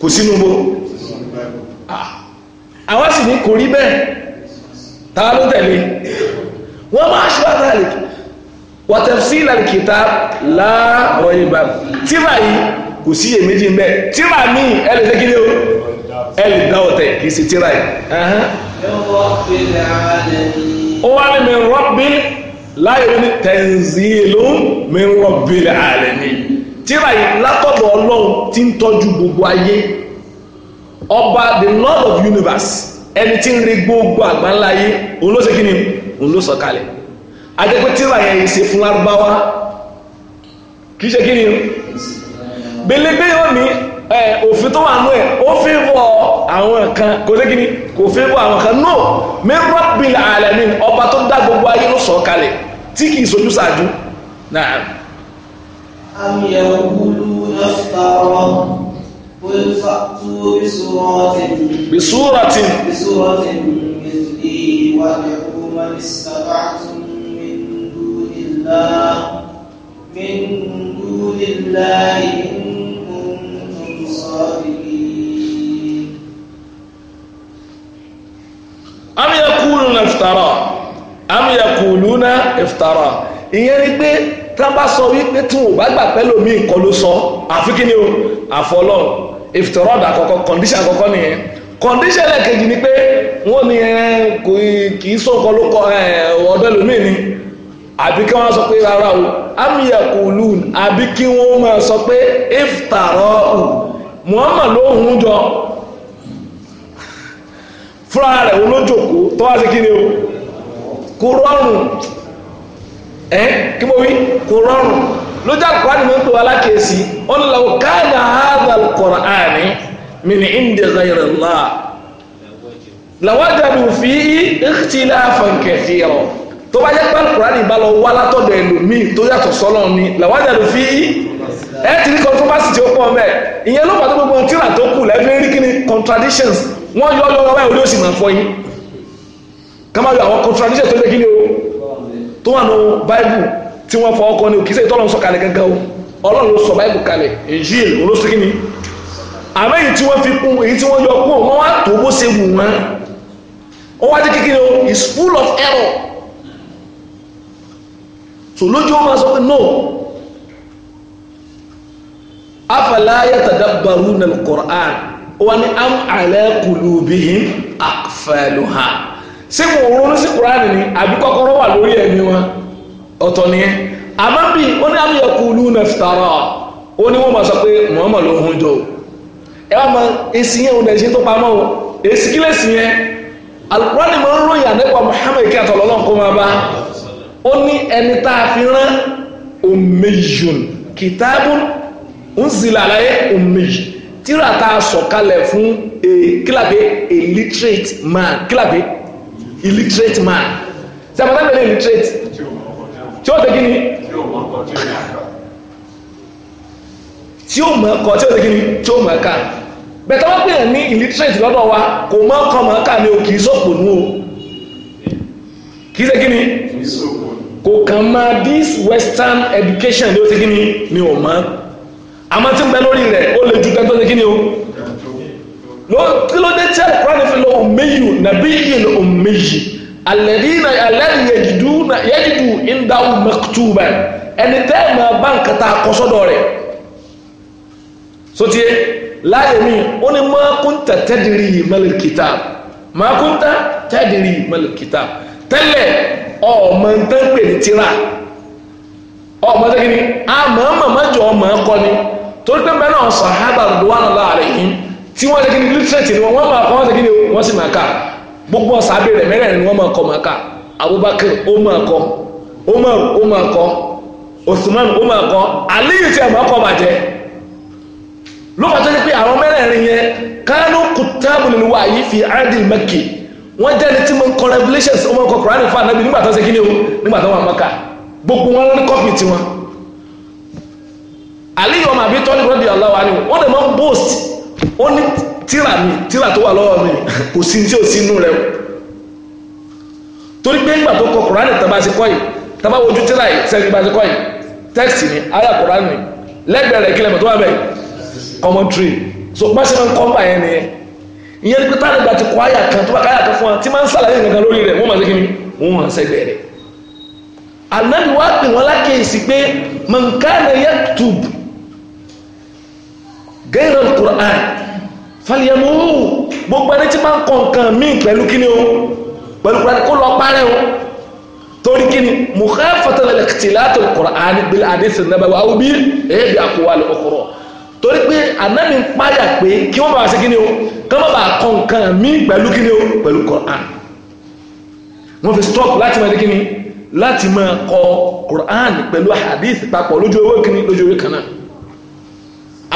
kò sínú mo ah. àwọn sì ní kò rí bẹ́ẹ̀ ta ló tẹ̀lé wọ́n máa ṣe wá tààlì wàtẹ̀sí ìlànà kìtà láàrọ̀ ìbá tíra yìí kò sí èméjì ń bẹ tíra ní ẹlẹ́ o ẹlẹ́ ọ̀tẹ̀ kì í sí tíra yìí. ó wá ní min rabbil láyé tíra yìí látọ̀dọ̀ ọlọ́run tí ń tọ́jú gbogbo ayé ọba the lord of universe ẹni tí ń rí gbogbo àgbáńlá ayé òun ló ṣe kí ni òun ló sọ̀kalẹ̀ ajẹ́pẹ́ tíra yẹn yìí ṣe fún lárúbáwá kì í ṣe kí ni belebe yóò ní òfin tó wà nú ẹ̀ ó fi bọ̀ àwọn kan kò ṣe kí ni kò fi bọ̀ àwọn kan no mẹ́rọ̀ bíi àlẹ́ ni ọba tó dá gbogbo ayé ló sọ̀kalẹ̀ tí kì í sojú ṣáájú náà. أم يقولون افترى قل فأتوا بسورة بسورة بسورة مثلي وادعوا من استطعتم من دون الله من دون الله إن كنتم صادقين أم يقولون افترى أم يقولون افترى ìyẹn يعني tí wọ́n bá sọ wípé tí wọ́n bá gbà pẹ́lú mi nǹkan ló sọ àfi kí ni o àfọlọ́ ìfìtọ́rọ́dà àkọ́kọ́ condition àkọ́kọ́ nìyẹn condition ẹlẹ́kejì ni pé wọ́n ní kì í sọ nǹkan ló kọ ọ̀dọ́ lómi ni àbí kí wọ́n sọ pé rárá o amíyàkùlùn àbí kí wọ́n máa sọ pé ìfìtàrọ́ Muhammad ló hùn jọ fúnra rẹ̀ olójòkó tó wá sí kí ni o kò ẹ kí mo wí kò rọrùn lójú àkùránì mi ń pè wá lákèésí ọ̀nà làwọn káàdà hadha al-Qur'ani min indi ghayri Allah làwájàdù fi ikhtilafan kathira tó bá jẹ́ pé àkùránì bá lọ wá látọ̀dọ̀ ẹlòmíì tó yàtọ̀ sọ́lọ́ ni làwájàdù fi ẹ ti ní controversy tí ó pọ̀ mẹ́ ìyẹn ló pàtó gbogbo tíra tó kù lẹ́fẹ̀ẹ́ rí kí ni contradictions wọ́n yọ ọ́ lọ́wọ́ báyìí olóòsì máa fọ́ yín ká má tó wà nù báìbù tí wọ́n fọ ọkọ ni kì í ṣe ìtọ́lọ́ sọ kalẹ̀ gángan o ọlọ́run ló sọ báìbù kalẹ̀ èyí èlò ló sókè ni àmọ́ èyí tí wọ́n fi kún èyí tí wọ́n yọ kún wọ́n wá tó bó ṣe wù wọ́n ó wá dé kékeré o is full of error so lójú ó máa sọ pé no afala yatadabbaruna al-Qur'an ó wá ní am ala qulubihim aqfaluha ṣé wọn ò ronú sí kuraani ni àbí kọ́kọ́rọ́ wà lórí ẹ̀mí wọn ọ̀tọ̀ nìyẹn àmọ́ bí ó ní àmì ọkọ̀ olú náà fìtàrà ó ní wọ́n máa sọ pé Muhammad ló hun jọ ẹ wá mọ èsì yẹn ò dẹ̀sí tó pamọ́ o èsì kí lè yẹn alukurani máa ń ròyìn àdẹ́kọ̀ Muhammad kí àtọ̀ lọ́lọ́ kó máa bá ó ní ẹni tá a fi rán omejun kìtàbùn ń zìlà láyé omejun tíra tá a sọ̀kalẹ̀ fún kílàbé illiterate man kílàbé illiterate man sẹ́pọ̀tà pẹ̀lú illiterate tí ó ṣe kí ni tí ó mọ̀ ọkọ̀ tí ó ṣe kí ni tí ó mọ̀ ọkà bẹ̀tẹ̀ wọ́n pè é ní illiterate lọ́dọ̀ wa kò mọ̀ ọkọ̀ mọ̀ ọkà ni o kì í sọ̀pọ̀ nù o kì í ṣe kí ni kò kàn máa this western education ni ó ṣe kí ni ni ò mọ̀ àmọ́ tí ń bẹ lórí rẹ̀ ó lè ju tẹ́tọ́ ṣe kí ni o kí ló dé tí àkùránì fi lọ òmíyù nàbí ìlú òmíyì alẹ́dínà alẹ́dínà yẹjìdú yẹjìdú ìdáhùn mẹ́kútùbà ẹni tẹ́ ẹ̀ máa bá nǹkan tá a kọ́ sọ́dọ̀ rẹ̀ sotie láyé mi ó ní máa kún tẹ tẹ́dìrì yìí mẹ́lẹ̀ kìtà máa kún tẹ tẹ́dìrì yìí mẹ́lẹ̀ kìtà tẹ́lẹ̀ ọmọ nǹkan pè ní tíra ọmọ tẹ́kìní àmọ́ màmá jọ ọmọ ẹ̀kọ́ ni torí pé tí wọ́n lè kí ni literate ni wọ́n wọ́n máa kọ́ wọ́n sì kí ni wọ́n sì máa kà gbogbo ọ̀sàbẹ̀ rẹ̀ mẹ́rẹ̀ẹ̀rin ni wọ́n máa kọ́ máa kà Abubakar ó máa kọ́ Umar ó máa kọ́ Usman ó máa kọ́ Aliyu tí a máa kọ́ bàjẹ́ lókàtà ni pé àwọn mẹ́rẹ̀ẹ̀rin yẹn kánú kùtàbù nínú wa yìí fi adi Makki wọ́n jẹ́ ẹni tí mo ń kọ Revelations ó máa kọ Quran fún anabi nígbà tó ṣe kí ni o nígbà tó wà Mákà gbogbo wọn ní kọ́pì tiwọn Aliyu ọmọ àbí tọ́lú rọ́bì aláwa ni wọ́n lè máa ń bóòsì ó ní tíra mi tíra tó wà lọ́wọ́ mi kò sí tí ò sí inú rẹ̀ torí pé nígbà tó kọ kùránì tàbá sí kọ́ yìí tàbá wojú tíra yìí sẹ́yìn bá sí kọ́ yìí tẹ́kìtì ni àyà kùránì ni lẹ́gbẹ̀ẹ́ rẹ̀ kílẹ̀ mọ̀ tó wà bẹ́ẹ̀ commentary so bá ṣe máa ń kọ́mbà yẹn nìyẹn ìyẹn ni pé táwọn ìgbà ti kọ àyà kan tó bá káyà kan fún wa tí máa ń sàlàyé nǹkan lórí rẹ̀ wọ́n máa ṣe kí ni wọ́n máa sẹ́gbẹ̀ẹ́ rẹ̀ ànábi wá pè wọ́n lákèésí pé mọ̀nkánà yẹ tùbù gẹ́rọ̀ kùrán fàlìyàmù gbogbo ẹni tí máa ń kọ nǹkan míì pẹ̀lú kíni o pẹ̀lú kùrán kó lọ parẹ́ o torí kíni mùkẹ́fọ̀tà lẹ́kìtì látọ̀ kùrán gbélé àdéhùn nàbẹ̀wò àwọn bí èyí àkọwà lè ọkọ̀rọ̀ torí pé anáni ń páyà pé kí wọ́n bá stop láti máa dé kíni láti máa kọ kùrán pẹ̀lú àdéhùn papọ̀ lójú ewé kíni lójú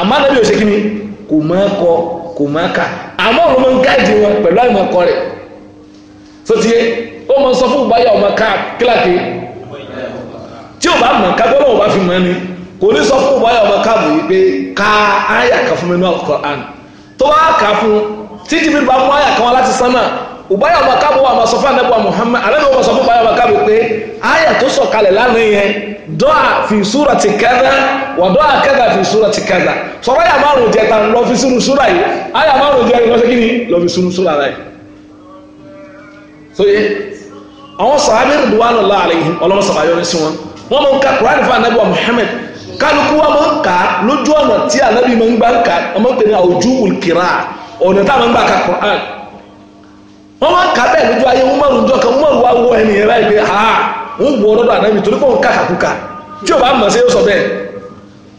àmọ́ ànábì ò ṣe kí ni kò mọ̀ ẹ́ kọ kò mọ̀ ẹ́ kà àmọ́ òun máa ń gáàdì wọn pẹ̀lú àìmọ̀ ẹ̀kọ́ rẹ̀ tó ti yé ó máa sọ fún ìbáyà ọmọ ká kíláàkì tí ò bá mọ̀ ká gbọ́dọ̀ ò bá fi mọ̀ ni kò ní sọ fún ìbáyà ọmọ ká bù pé ká áyà kan fún mi ní Al-Qur'an tó bá kà fún títí bí bá mú áyà kan wá láti sánmà Ubaya ọmọ Káàbù wà máa sọ fún anábọ̀ Muhammad alẹ́nu wọn sọ fún Ubaya ọmọ Káàbù pé àyà tó sọ̀kalẹ̀ lánàá yẹn dọ́à fi súra ti kẹ́dá wà dọ́à kẹ́dá fi súra ti kẹ́dá sọ̀rọ̀ àyà márùn jẹ ta lọ fi sínú súra yìí àyà márùn jẹ lọ́sẹ̀ kí ni lọ fi sínú súra rẹ̀. sóye àwọn sàábì rìdùwánù láàrin ọlọ́mọ sàbáyọ́ ní sí wọn wọ́n mọ̀ ń ka Kùránì fún anábọ̀ Muhammad kálukú wa máa ń lójú ọ̀nà tí anábì máa ń gbà ń ọmọ pè àwùjú ulkira ọ̀nà táwọn máa ń gbà ka Kùránì wọ́n wá kà bẹ́ẹ̀ lójú ayé wọ́n mọ̀rún jọ kan mọ̀rún wá wọ ẹni ẹ̀rá ìgbé ha ń wọ ọdọ́dọ̀ ànábì torí pé òun kàkàkùkà tí ò bá mọ̀ sí yóò sọ bẹ́ẹ̀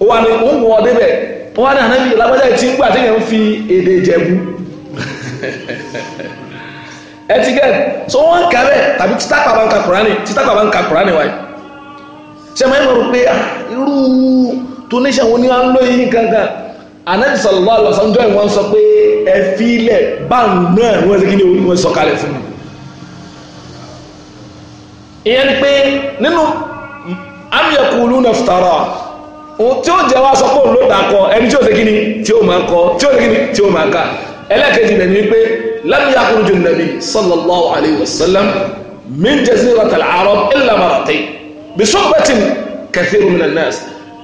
ó wà ní ń wọ ọdẹ bẹ́ẹ̀ wọ́n wá ní ànábì lágbájá ti ń gbà tí yẹn ń fi èdè Ìjẹ̀bú ẹ ti gẹ́ẹ̀ so wọ́n kà bẹ́ẹ̀ tàbí títàpá bá ń ka Kùránì títàpá bá ń ka Kùránì wáyé ṣe máa ń rò pé ah, irú tunisia wọn ni wọn ń lóyún kankan ànábì pé ẹ fi ilẹ̀ báwọn náà wọ́n ṣe kí ni wọ́n sọ̀kalẹ̀ fún mi. ìyẹn ni pé nínú amíyẹ̀kùlù náà fìtàrà tí ó jẹ́ wá sọ pé òun ló dà kọ ẹni tí ó ṣe kí ni tí ó máa kọ tí ó ṣe kí ni tí ó máa kà ẹlẹ́kẹ̀ẹ́jì rẹ̀ ni pé lámìyà kúrò nàbí sallallahu alayhi wa sallam min jaziratil arab illa marratayn bisubbatin kathirun minan nas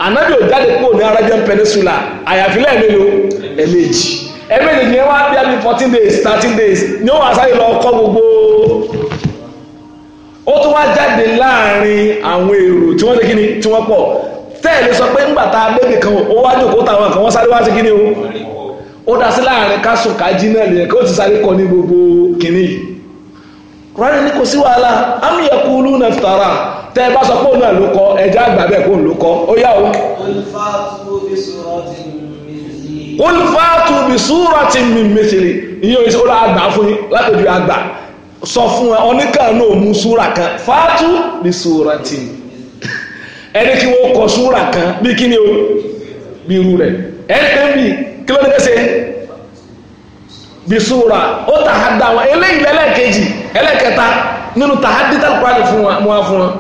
anabi ò jáde kúrò ní arabian peninsula àyàfi lẹ́ẹ̀mẹ́lò ẹlẹ́jì ẹ̀mẹ́jì ni wọ́n á bí àbí fourteen days thirteen days ni ó wà sáyé lọ kọ́ gbogbo ó tún wá jáde láàrin àwọn èrò tí wọ́n ti kí ni tí wọ́n pọ̀ tẹ́ẹ̀lì sọ pé ńgbà tá a bébì kan ó wá jòkó táwọn kan wọ́n sáré wá sí kí ni o ó dá sí láàrin kásùn kájí náà lè kí ó ti sáré kọ ní gbogbo kìíní rárá kò sí wàhálà àmì fìtàrà tẹ́ ẹ sọ pé òun náà ló ẹ̀já àgbà bẹ́ẹ̀ kó òun ló ó kul fatu bi suratin min mesiri iye oṣù ó agba fún yín látòjú agba. sọ fún ẹ oníkan náà mú súra kan fatu bi suratin ẹni kí wọ́n kọ súra kan bí kí ni o bí irú rẹ̀ ẹni pé bí kí ló ní kẹsẹ̀ bí súra ó tàhádà wọn eléyìí lẹ́lẹ́kejì ẹlẹ́kẹta nínú tàhádìtà kúránì fún wọn fún wọn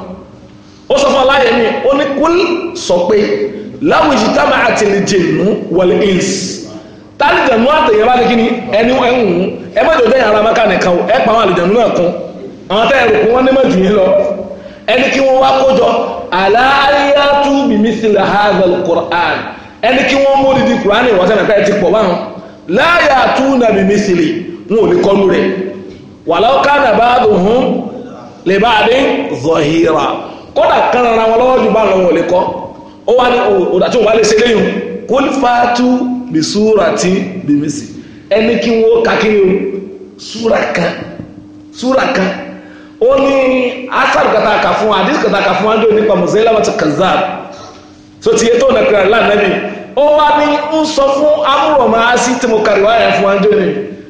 ó sọ fún aláyẹmí ó ní kúl sọ pé láwọn ìṣìtàmà àti ìjìnnú wọlé ìlsì tálìjànú àtẹ̀yẹ bá ti kí ni ẹni ẹ̀hún ẹ má jọ jẹ́yìn ara maka nìkan ẹ pa àwọn àlìjànú náà kún àwọn tẹ́ ẹ̀rù kún wọn ní mẹ́jù yín lọ ẹni kí wọ́n wá kójọ aláyàtú bìmísìlẹ̀ hazel quran ẹni kí wọ́n mórí di quran ìwọ̀n sẹ́nà pẹ́ ti pọ̀ báwọn láyàtú na bìmísìlẹ̀ wọn ò ní kọ́nu rẹ̀ wàlọ́ká nà bá dùn ó wá ní òdà oh, oh, tí òun wá lè ṣe léyìn kó fàtú bí súra tí bèmí sí ẹni kí wọ́n ka kí súra kan súra kan ó ní asar kata ka fún wa hadith kata ka fún wa ní onípa mùsùlùmí láti kazab so tiye tó nàkìrà lánàbì ó wá ní ń sọ fún amúrọ̀mọ́ así tí mo kàrí wáyà fún wa ní oní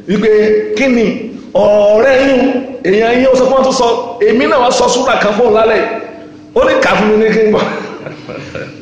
wípé kí ni ọ̀rẹ́ yín èèyàn yín ó sọ fún wọn tó sọ èmi náà wá sọ súra kan fún un lálẹ́ ó ní kàfún mi ní kí n gbọ́.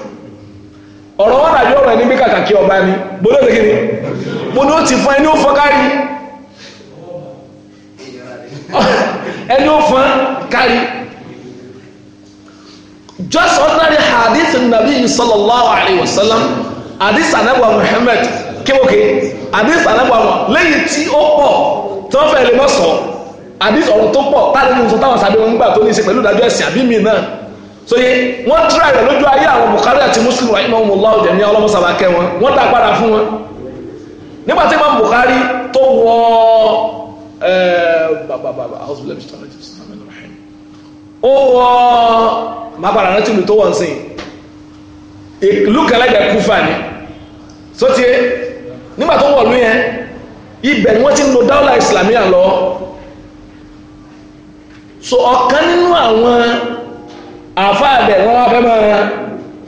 ọ̀rọ̀ wà dàbí ọ̀rọ̀ ẹni bí ka ọba ni bóni ó ni bóni ti fún ẹni ó kárí ẹni ó kárí just ordinary hadith nabi sallallahu alayhi wa sallam hadith anabu muhammad kíwòkè hadith tí ó pọ̀ tí fẹ́ lè mọ̀ sọ hadith tó táwọn ènìyàn sọ táwọn wọn gbà tó ní so yé wọ́n tíra rẹ̀ lójú ayé àwọn Bukhari àti Muslim rahimahumullah jẹ̀mí ọlọ́mọsàlá kẹ́ wọn wọ́n dá padà fún wọn nígbà tí Imam Bukhari tó wọ ó wọ màbàrà rántí lu tó wọ̀ nsìn ìlú kẹlẹ́gbẹ̀ẹ́ Kúfà ni so ti nígbà tó wọ̀ lú yẹn ibẹ̀ ni wọ́n ti ń lo dáwọ́lá ìsìlámíà lọ so ọ̀kan nínú àwọn àfa àbẹ̀ wọ́n wá fẹ́ máa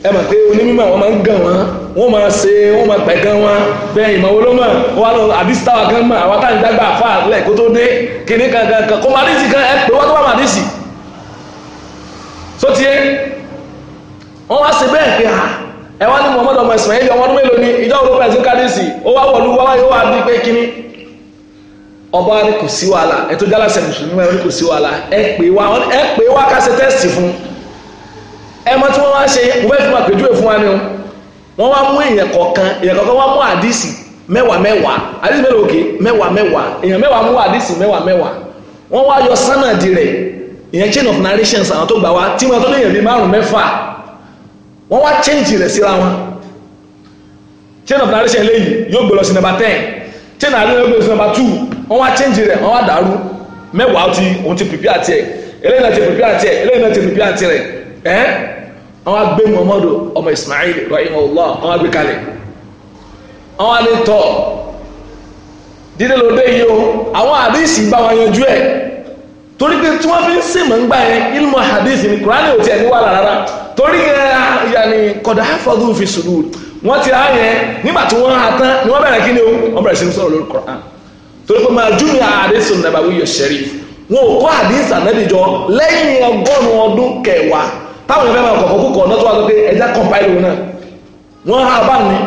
ẹ mọ̀ pé onímọ̀ wọn máa ń gàn wọn wọ́n máa ṣe wọ́n máa pẹ̀ gan wọn bẹ́ẹ̀ ìmọ̀ wo ló mọ̀ wọ́n lọ àdìsí táwa gan mọ̀ àwọn táwọn ìdágbà àfa àlẹ́ kó tó dé kíní kankan kan kó máa dísì kan ẹ pé wọ́n tó bá máa dísì tó tiẹ́ wọ́n wá ṣe bẹ́ẹ̀ pé ah, ẹ wá ní Muhammadu ọmọ Ismail ọmọ ọdún mélòó ni ìjọ òru pẹ̀sì kádìsì ó wá wọ̀lú wá wáyé wá bí pé kíní ọba ni kò sí wàhálà ẹ tó jálàsẹ̀ mùsùlùmí wọn ni kò sí wàhálà ẹ pè wá ẹmọ tí wọ́n wá ṣe mo fẹ́ fi máa pèjú èfún wa ni o wọ́n wá mú èèyàn kọ̀ọ̀kan èèyàn kọ̀ọ̀kan wá mú àdìsí mẹ́wàá mẹ́wàá àdìsí mẹ́wàá òkè mẹ́wàá mẹ́wàá èèyàn mẹ́wàá mú àdìsí mẹ́wàá mẹ́wàá wọ́n wá yọ sánàdì chain of narrations àwọn tó gbà wá tí wọ́n tó léèyàn bíi márùn mẹ́fà wá change rẹ̀ síra wọn chain of narration léyìí yóò gbé lọ sí number ten chain of narration gbé lọ sí number two wá change wá dàrú ti ti eléyìí náà ti eléyìí náà ti àwọn agbé muhammadu ọmọ ismail rahimahullah àwọn agbé kalẹ̀ àwọn alétọ̀ dídé lóde yìí o àwọn àdìsí bá wọn yanjú ẹ̀ torí pé tí wọ́n fi ń sèmọ̀ ń gbà yẹn ilmu àdìsí ni kùránì ò tiẹ̀ ní wà rárá torí yẹn kọ̀dà hafadhu fi sudur wọ́n ti há yẹn nígbà tí wọ́n há tán ni wọ́n bẹ̀rẹ̀ kí ni o wọ́n bẹ̀rẹ̀ sí ní sọ̀rọ̀ lórí kùránì torí pé máa júmi àdìsí nàbàwí yọ sharif wọn ò kó àdìsí ànábìjọ lẹ́yìn ọgọ́rùn-ún ọdún kẹwàá táwọn ẹgbẹ́ máa kọ̀kọ́ kúkọ̀ náà tó wà lókè ẹja kọ̀mpáìlì òun náà wọ́n há bá ní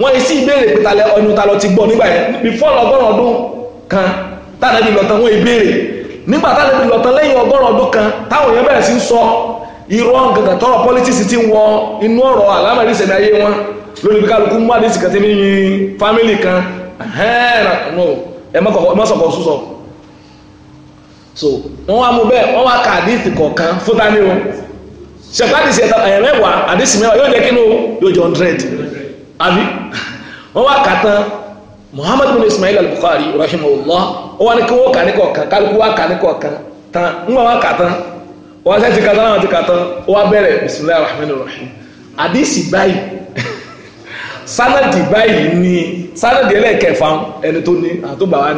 wọ́n yìí sí ìbéèrè pé talẹ̀ ọyún talọ ti gbọ́ nígbà yẹn before ọgọ́rùn ọdún kan táwọn ẹbí lọ́tàn wọ́n ìbéèrè nígbà táwọn ẹbí lọ́tàn lẹ́yìn ọgọ́rùn ọdún kan táwọn èèyàn bẹ̀rẹ̀ sí ń sọ irọ́ nǹkan tọrọ politics ti ń wọ inú ọ̀rọ̀ àlámọ̀rí ìṣẹ̀lẹ̀ ayé wọn lórí bí kálukú mú àdéhìsì kan ti ní yin fámìlì kan ẹ má sọ̀kọ̀ sọ̀sọ̀ so wọ́n wá mú bẹ́ẹ̀ wọ́n wá kà àdéhìsì kọ̀ọ̀kan fún o ṣẹ̀fà àdìsí ẹ̀rẹ́wà àdìsí mẹ́wàá yóò jẹ́ kí ló yóò jẹ́ hundred àbí wọ́n wá kà tán Muhammad bin Ismail al-Bukhari rahimahullah ó wá ní kí wọ́n kà ní kọ̀ọ̀kan kálukú wá kà ní kọ̀ọ̀kan tán ń wá wá kà tán wọ́n ṣe ti kàtán àwọn ti kàtán ó wá bẹ̀rẹ̀ bismillahir rahmanir rahim àdìsí báyìí sánàdì báyìí ni sánàdì ẹlẹ́ẹ̀kẹfà ẹni tó ní àtúgbà wá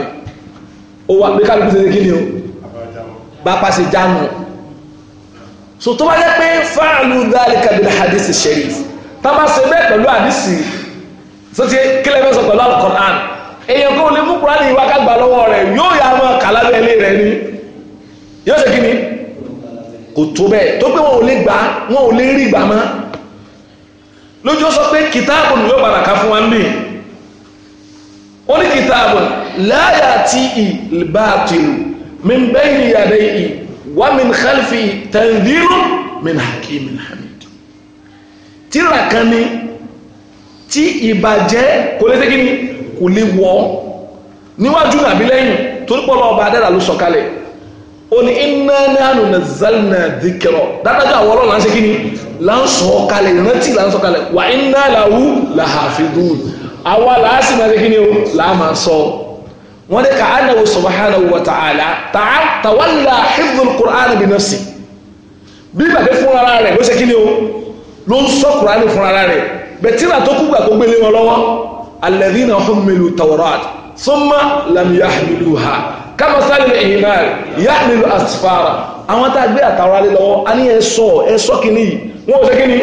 ó wá pé kálukú ṣe kí so tó bá jẹ́ pé fáàlù dhalika bil hadith sharif tá a bá ṣe bẹ́ẹ̀ pẹ̀lú àdìsí sọ́tí kílẹ̀ mẹ́sàn pẹ̀lú al-Qur'an èèyàn kò lè mú kúránì ìwákàgbà lọ́wọ́ rẹ̀ yóò yà máa kà lábẹ́ ilé rẹ̀ ni yóò ṣe kí ni kò tó bẹ́ẹ̀ tó pé wọn ò lè gbà wọn ò lè rí gbà mọ́ lójú ó sọ pé kìtáàbù ni yóò padà ká fún wa ń bì ó ní kìtáàbù la ya'ti al-batil min bayni yadayhi wa min khalfi tanzilun min hakimin hamid tíra kan ni tí ìbàjẹ́ kò lè tẹ́kí ni kò lè wọ́ níwájú àbí lẹ́yìn torí pọ̀ lọ́ọ̀bá adẹ́rà ló sọ̀kalẹ̀ ó ní inna nahnu nazzalna dhikra dádájọ́ àwọn ọlọ́run láńṣe kí ni láńsọ̀kalẹ̀ ìrántí láńsọ̀kalẹ̀ wa inna lahu lahafidun àwa làásì máa ṣe kí ni o làá máa sọ wọ́n ní ka anahu subhanahu wa ta'ala tawalla hifdhul qur'an bi nafsi bí bàbá fún ara rẹ̀ ló ṣe kí ni o ló ń sọ qur'an fún ara rẹ̀ bẹ̀tìrà tó kú gbà tó gbélé wọn lọ́wọ́ alladhina hummilu tawrat thumma lam yahmiluha kámasálì ìhìnmáàlì yahmilu asfara àwọn tá a gbé àtàwọn alẹ́ lọ́wọ́ a ní ẹ sọ ẹ sọ wọ́n ò ṣe kíní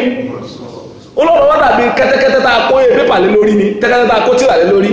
olóòrò wọ́n dàbí kẹ́tẹ́kẹ́tẹ́ tá a kó pépà lé lórí ni kẹ́tẹ́kẹ́tẹ́ tá a kó tìrà lé lórí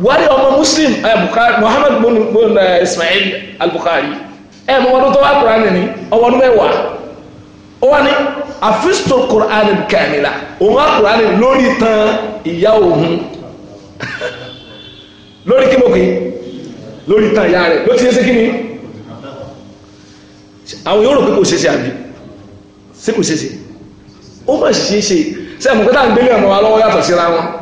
wari ọmọ muslim ẹ eh, bukari muhammad bin bin eh, ismail al-bukhari ẹ mọ ọdún tó wá kuran ni ọmọ ọdún mẹ́wàá ó wà ní afisto kuran kamila òun wá kuran lórí tán ìyá òun lórí kí mo kì í lórí tán ìyá rẹ ló ti ṣe sí kí ni àwọn yóò rò pé kò ṣe ṣe àbí sí kò ṣe ó mà ṣe ṣe sẹ́yìn mọ̀kátà ń gbélé ọmọ wa lọ́wọ́ yàtọ̀ síra wọn.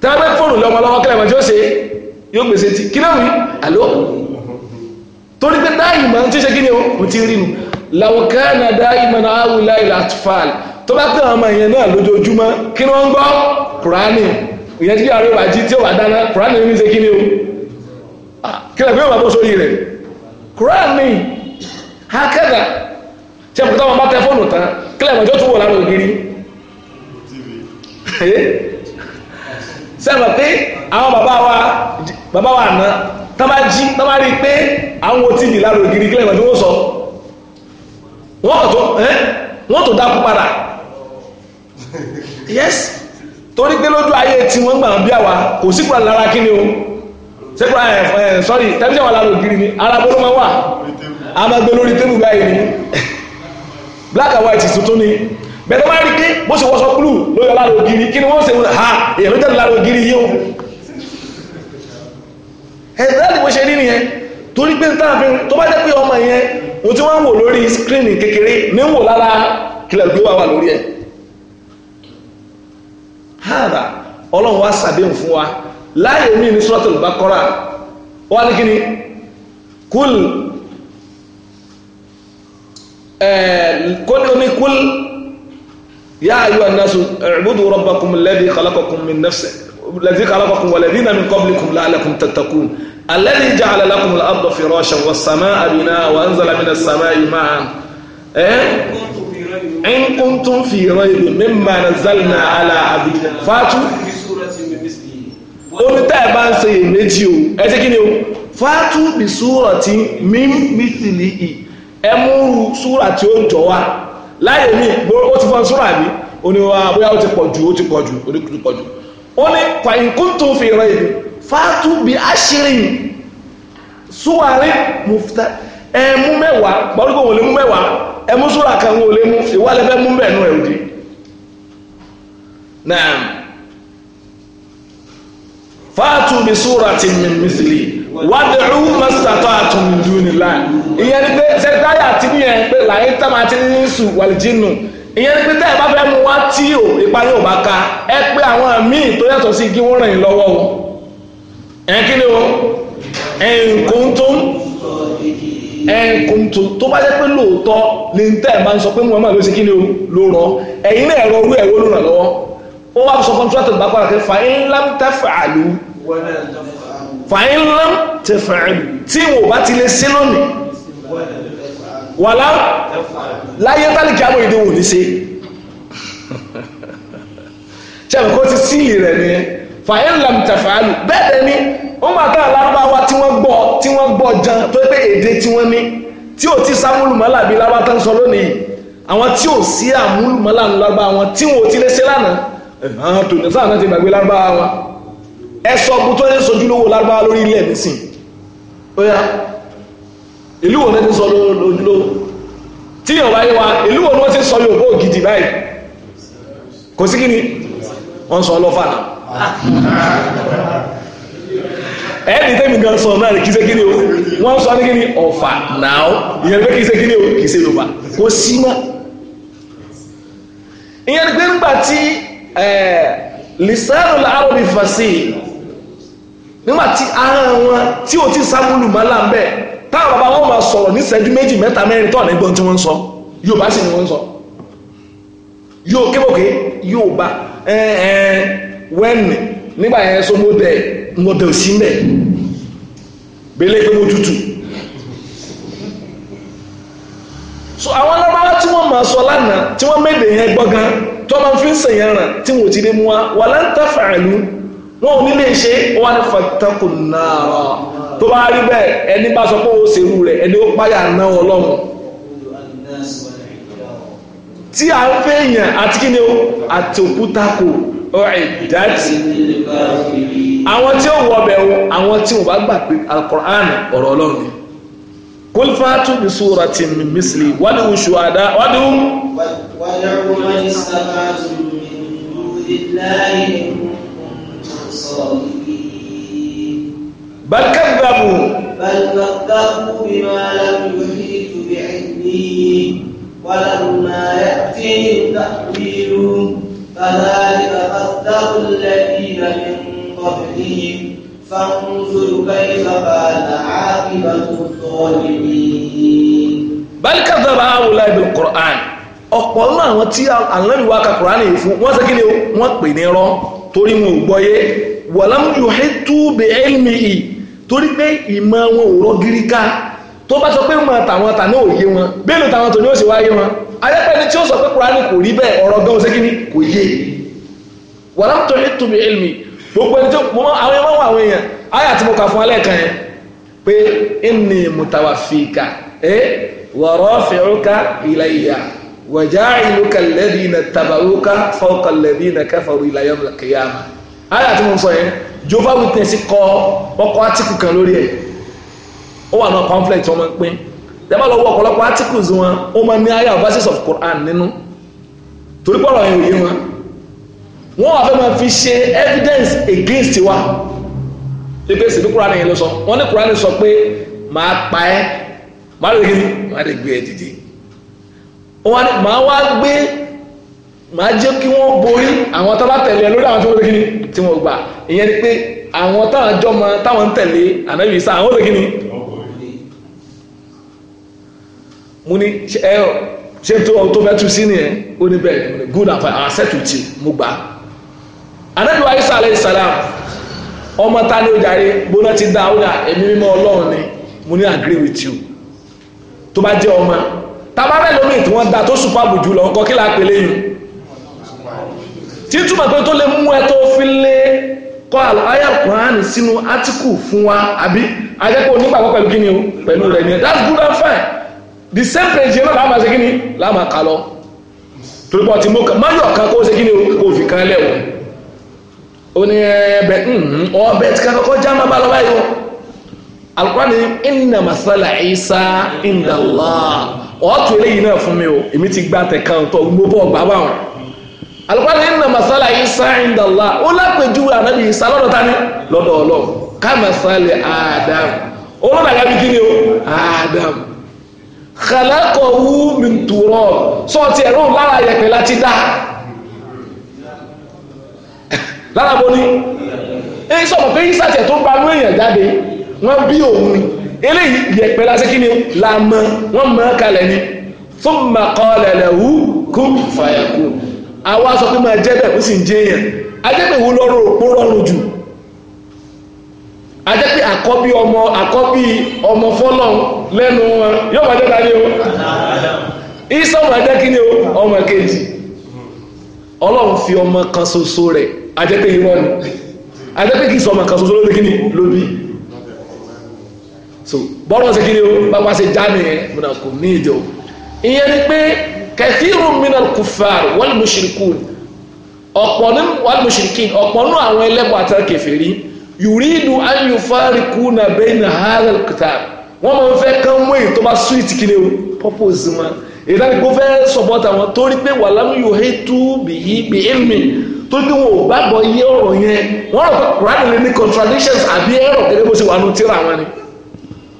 tí wọ́n bẹ́ fóònù lọ́mọ lọ́wọ́ kílẹ̀ mọ̀ tí ó ṣe yóò gbèsè tí kí lóòrùn àló torí pé dáì ma ń ṣe kí ni o ti rí nu làwọ̀ká na dáì ma na áwù láì látfàl tó bá tẹ̀ ọmọ ìyẹn náà lójoojúmọ́ kí ni wọ́n gbọ́ kùránì ìyẹn tí kí àárẹ̀ wàjí tí ó wà dáná kùránì ní ṣe kí ni o kí lè fi wọ́n bó sórí rẹ̀ kùránì hákẹ́dà tí ẹ̀kọ́ táwọn bá tẹ fóònù tán kí lè sẹ́wọ̀n pé àwọn bàbá wa àná tán jí tán rí pé àwọn wo tv lára ògiri kílẹ̀ ìwọ̀n tí sọ wọ́n tó dákú padà yes torí pé lójú ayé tí wọ́n gbà ń bí àwa kò sí kúrò ni o sẹ́kúrò ẹ̀ ẹ̀ sọ́rí tẹ́bíṣẹ́ wà lára ni ara bó ló máa wà a máa black and white tuntun ni bẹ̀rẹ̀ wá rí kí bó ṣe wọ́sọ kúlù ló yọ lára ògiri kí ni wọ́n ṣe wọ́n ha èyàn ló jáde lára ògiri yíò ẹ̀dá ni mo ṣe rí nìyẹn torí pé tá àfin tó bá jẹ́ pé ọmọ yẹn o tí wọ́n ń wò lórí skrini kékeré ní ń wò lára kílẹ̀ tó wà lórí ẹ̀ hàdà ọlọ́run wá sàdéhùn fún wa láyé mi ní suratul Baqara wọ́n ní kí ni kúl kó ní kúl يا أيها الناس اعبدوا ربكم الذي خلقكم من نفس الذي خلقكم والذين من قبلكم لعلكم تتقون الذي جعل لكم الأرض فراشا والسماء بناء وأنزل من السماء ماء إيه؟ إن كنتم في ريب مما نزلنا على عبيدنا فاتوا ó ní tá ẹ bá ń ṣe èméjì o ẹ ṣe kí ni o fatu bí súrà tí mímítìlì ì ẹ múrú súrà tí ó jọ wá láyé mi ó ti fọ́n súnrà bí ó ní wá bóyá ó ti pọ̀ jù ó ti pọ̀ jù ó ti pọ̀ jù ó ní fàyínkùntùn fi rẹ̀ ibi fàtú bí aṣírí súwárí mufta ẹ mú mẹ́wàá gbọ́dọ̀ wọ́n lè mú mẹ́wàá ẹ mú súnrà kan wọ́n lè mú ìwálẹ̀ fẹ́ mú bẹ́ẹ̀ nù ẹ̀ òdì náà fàtú bí súnrà ti mímísìlì wàdìrú mọ́sítàtọ̀ àtúndúnilá ìyẹn ní pé sẹ́ńtáyà ti ní yẹn pé làyín tá máa ti ní sùn wàlìjínù ìyẹn ni pé tẹ́ ẹ bá fẹ́ mu wá tí ò ìparí ò bá ka ẹ pé àwọn míì tó yàtọ̀ sí kí wọ́n ràn yín lọ́wọ́ o ẹ̀ kí ni o ẹ̀ǹkùn tó ẹ̀ǹkùn tó tó bá jẹ́ pé lóòótọ́ ni tẹ́ ẹ máa ń sọ pé Muhammad ló ṣe kí ni o ló rọ ẹ̀yin náà ẹ̀rọ orú ẹ̀rọ ló ràn lọ́wọ́ ó wá sọ fún tíwátì bá pàdé fa in lam taf'alu fa in lam taf'alu tí wọn ò bá ti lè sí lónìí wàlá láyé tálíkì àmọ́ ìdí wò ní ṣe ṣẹ́bù kó ti sílì rẹ̀ ni fàyẹ̀n làm tàfàálù bẹ́ẹ̀ dẹ̀ ni ó máa tán alárúbáwá tí wọ́n gbọ́ tí wọ́n gbọ́ jan tó pé èdè tí wọ́n ní tí ò ti sámúlùmọ́là bíi lábátá ń sọ lónìí àwọn tí ò sí àmúlùmọ́là ń lọ́gbà wọn tí wọn ò ti lè ṣe lánàá àwọn tòní sáà náà ti gbàgbé lárúbáwá wọn ẹ sọ ọgbọ́n tó ń sojú lówó lárúbáwá lórí ilẹ̀ nísìn ó yá ìlú wo ni wọ́n ti sọ lójúlówó tí Yorùbá yé wa ìlú wo ni wọ́n ti sọ Yorùbá ògidì báyìí kò sí kí ni wọ́n sọ ọlọ́fà náà ẹ̀ẹ́dì tẹ́mi gan sọ náà kìí ṣe kí ni o wọ́n sọ ní kí ni ọ̀fà náà ìyẹn pé kìí ṣe kí ni o kìí ṣe Yorùbá kò sí mọ́ ìyẹn pé ńgbà tí lisanu arabi fasi nígbà tí ara wọn tí o ti sábúlù mọ́ là ń bẹ́ẹ̀ táwọn bàbá wọn máa sọ̀rọ̀ ní ìṣẹ́jú méjì mẹ́ta mẹ́rin tọ́ọ̀nà ẹgbọ́n tí wọ́n ń sọ sì ni wọ́n sọ yóò ẹ̀ẹ́n wẹ́ẹ̀nì nígbà yẹn so mo dẹ̀ sí mẹ́ belé pé so àwọn alábáwá tí wọ́n máa sọ lánàá tí wọ́n méde yẹn gbọ́gán tó máa fi ń sèyàn tí wọ́n ti dé mú wa wà láǹtà fàálù wọn ò ní lè ṣe wọn tó bá rí bẹ́ẹ̀ ẹni bá sọ pé ó ṣerú rẹ̀ ẹni ó páyà ná ọlọ́run tí a ń fẹ́ èèyàn àti kí ni ó àti òkúta kò ọ̀ẹ̀dáàtì àwọn tí ó wọ bẹ̀rù àwọn tí wọ́n bá gbà pé al ọ̀rọ̀ ọlọ́run ni kul fatu bi suratin min misli wadu shuhada wadu wadu man istata'tum min dunillahi بل كذبوا بل كذبوا بما لم يحيطوا بعلمه ولما يأتيهم تحويله كذلك كذبوا الذين من قبلهم فانظر كيف كان عاقبة الظالمين بل كذب هؤلاء بالقرآن ọ̀pọ̀ ńlá àwọn tí àlọ́lùwà ka kùránì yìí fún wọ́n ṣe ni wọ́n pè ní rọ́ torí wọn ò gbọ́yé wọ̀lámù yóò hẹ́tù bẹ̀ẹ́lì torí pé ìmọ̀ wọn ò rọgiri ká tó bá sọ pé mọ̀ tàwọn tà náà ò yé wọn bẹ́ẹ̀lù tàwọn tò ní ó sì wáyé wọn ayẹ́pẹ́ni tí ó sọ pé kùránì kò rí bẹ́ẹ̀ ọ̀rọ̀ gan ṣé kíní kò yé wàlá tó ní tùmí gbogbo ẹni tó mọ àwọn ẹmọ àwọn èèyàn ayé àti mo kà fún alẹ́ yẹn pé ẹnì mùtàwàfíkà ẹ wọ̀rọ̀ fìrúkà ilẹ̀ wọ̀já ìlú kàlẹ́dì tàbàrúkà fọ́kàlẹ́dì nà kẹfàrú ìlàyọ̀mù ayé àti mo sọ yẹn jehova witness kọ ọkọ átíkù kan lórí ẹ̀ ó wà náà conflict wọn máa ń pín tẹ́ bá lọ wọ ọ̀pọ̀lọpọ̀ articles wọn ó máa ní ayé verses of Quran nínú torí pọ̀rọ̀ yẹn òye wọn wọ́n wà fẹ́ máa fi ṣe evidence against wa pípé sí bí Quran yẹn ló sọ wọ́n ní Quran sọ pé màá pa ẹ́ màá lè gbé màá lè gbé ẹ dìde wọ́n wá gbé màá jẹ́ kí wọ́n borí àwọn tó bá tẹ̀lé lórí àwọn tó wọ́n kíni tí wọ́n gbà ìyẹn ni pé àwọn táwọn jọ mọ táwọn ń tẹ̀lé ànábì sá àwọn tó kíni. mo ní ẹ ṣé tó tó fẹ́ tu sí nìyẹn ó ní bẹ́ẹ̀ mo ní good and fine accept with you mo gbà. ànábì wa isa alayhi salam ọmọ ta ni ó jàre gbóná ti dá ó dà ẹ̀mí mímọ́ ọlọ́run ni mo ní agree with you tó bá jẹ́ ọmọ tábàbẹ̀ lómi tí wọ́n da tó sùpàbù jù lọ nǹkan kí la pè títúmọ̀ pé tó lè mú ẹ fi lé kọ́ sínú átíkù fún wa àbí ajẹ́pọ̀ onígbàgbọ́ pẹ̀lú gíní o pẹ̀lú rẹ̀ ni that's good and fine the same page yẹn náà láàmà ṣe láàmà lọ torí pọ̀ tí mo kà kan kó o fi kan lẹ̀ o ní ẹbẹ̀ ọbẹ̀ tí inna isa eléyìí náà fún mi o èmi ti tẹ̀ kan alùpàdé nínú masala isa inda Allah ó lápèjúwe ànábì isa lọ́dọ̀ tani lọ́dọ̀ ọlọ́run kámasálì adam olóòdà gàbí kí ni o adam khalaqahu min turab sọ́ọ̀tì ẹ̀rọ lára yẹ̀pẹ̀ láti dá lára bo ni èyí sọ̀rọ̀ pé isa tẹ̀ tó gbanú èèyàn jáde wọ́n bí òun ni eléyìí yẹ̀pẹ̀ láti kí la mọ wọ́n mọ kalẹ̀ ni thumma qala lahu kun fayakun àwa sọ pé máa jẹ́ bẹ́ẹ̀ kó ń jẹ́ èèyàn ajẹ́pẹ̀ wo lọ́rùn rọrùn jù ajẹ́pẹ̀ àkọ́bí ọmọ àkọ́bí ọmọ fọ́lọ́n lẹ́nu wọn yóò máa jẹ́ o ìsọ máa jẹ́ kí ni o ọmọ kejì ọlọ́run fi ọmọ kan rẹ̀ ajẹ́pẹ̀ ni ajẹ́pẹ̀ kì í sọ ọmọ kan lórí kí ni o mo kò ní kẹfìrún minal kufar wal mushrikun ọ̀pọ̀ ní wal mushrikin ọ̀pọ̀ nú àwọn ẹlẹ́bọ̀ àti kèfèrí yuridu an yufarikuna bayna hadha al-kitab wọ́n máa ń fẹ́ kán mú èyí tó bá sweet kí ni o purpose wọn ìdánilẹ́kọ̀ọ́ fẹ́ support àwọn torí pé wàlámù yóò hẹ́ bìyí bí ẹ̀mí tó ní wọn ò gbàgbọ́ iye ọ̀rọ̀ yẹn wọ́n rọ̀ kúránì lè ní contradictions àbí ẹ̀rọ gẹ́gẹ́ bó ṣe wà nù tíra wọn ni.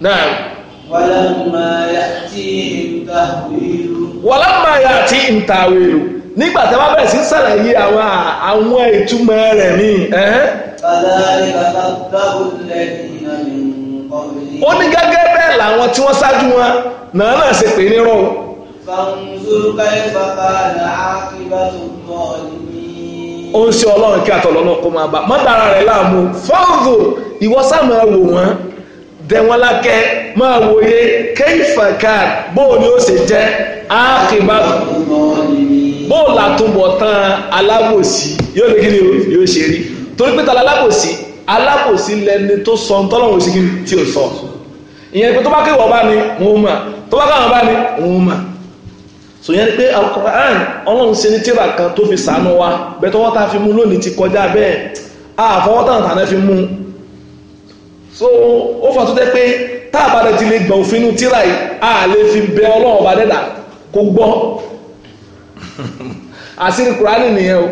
náà. wàlámù ìgbà wíwú. wàlámà yà àti ìtàwérò nígbà tí a bá bẹ̀rẹ̀ sí sàlàyé àwọn àwọn ìtumọ̀ rẹ̀ mi ó ní gẹ́gẹ́ bẹ́ẹ̀ làwọn tí wọ́n ṣáájú wọn náà náà ṣe pè ní rọ́ọ̀. ó ń ṣe ọlọ́run kí kó máa mọ́tàrà rẹ̀ láàmú ìwọ́sàmù tẹ̀wọ́lákẹ́ máa wòye kéfàkà bóò ni ó sì jẹ́ ákìbá bóò látúbọ̀ tán alábòsí yóò lè kíni yóò ṣe rí torí pé tala alábòsí alábòsí lẹni tó sọ tọ́lọ́wọ́ sí kíni tí ò sọ ìyẹn pé tó bá kéwọ́ bá ní òun mà tó bá káwọn bá ní òun mà so yẹn pé alukoran ọlọ́run ṣe ní tíra kan tó fi sànú wa bẹ́ẹ̀ tọ́wọ́ tá a fi mú lónìí ti kọjá bẹ́ẹ̀ àfọwọ́tàn tàn fi mú un so ó fà tó jẹ́ pé tá a bá rẹ̀ ti lè gbọ̀n òfin inú tíra yìí a lè fi bẹ ọlọ́run ọba dẹ́dà kó gbọ́ àṣírí kùránì nìyẹn o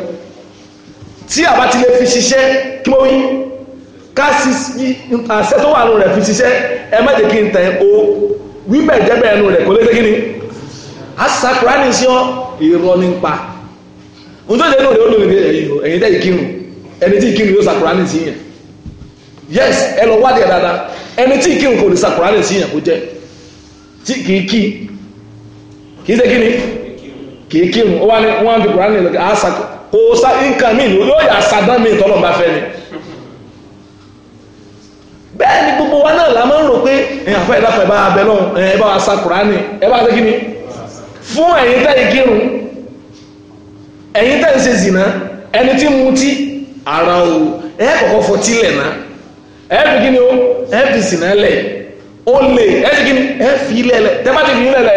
tí a bá ti lè fi ṣiṣẹ́ kí wọ́n wí ká sí àṣẹ tó wà nù rẹ̀ fi ṣiṣẹ́ ẹ má jẹ́ kí n tẹ̀ o wíbẹ̀ jẹ́bẹ̀ ẹnu rẹ̀ kò lè ṣe kí ni àṣà kùránì sí ọ irọ́ ní pa ohun tó jẹ́ nù rẹ̀ ó lò ní ẹ̀yìn tẹ́ ìkírun ẹni tí ìkírun yóò ṣàkùránì sí yẹn yes ẹlọ lọ wádìí ẹ ẹni tí kí n kò lè sa kùránì sí kó jẹ tí kì í kí kì í ṣe kí ni kì í kírun ó wá ní wọn fi kùránì lọ àṣà kò sa nǹkan mi ni yóò yà mi tọ́lọ̀ bá fẹ́ ni bẹ́ẹ̀ ni gbogbo wa náà la máa ń rò pé ẹ̀yìn àfẹ́ ìdáfẹ́ bá abẹ náà ẹ̀ bá sa kùránì ẹ̀ bá ṣe kí ni fún ẹ̀yin tẹ́ ìkírun ẹ̀yin tẹ́ ń zìnà ẹni tí ara o ẹ̀ kọ̀kọ́ náà ẹ̀ẹ́fì kí ni ó ẹ̀ẹ́fì sì náà lẹ̀ ó lè ẹ̀ẹ́fì kí ni ẹ̀ẹ́fì ilẹ̀ lẹ̀ tẹ́ bá ti fi ilẹ̀ lẹ̀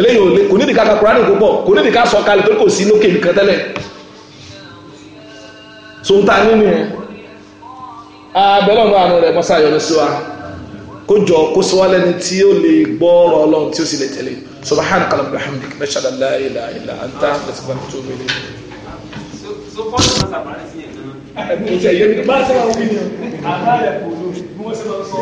eléyìí ò lè kò nídìí ká ka kúránì púpọ̀ kò nídìí ká sọ kalẹ̀ tó kò sí lókè nìkan tẹ́lẹ̀ so ń ta nínú ẹ̀ abẹ́lẹ́ ọ̀nà àánú rẹ̀ mọ́sá yọrí sí wa kó jọ kó sọ wá lẹ́ni tí ó lè gbọ́ ọ̀rọ̀ ọlọ́run tí ó sì lè tẹ̀lé ẹ̀mí ìṣẹ̀yẹ́ mi bá ṣe wà wọ́n mi ni àbá rẹ̀ kò lò bí wọ́n ṣe lọ sọ.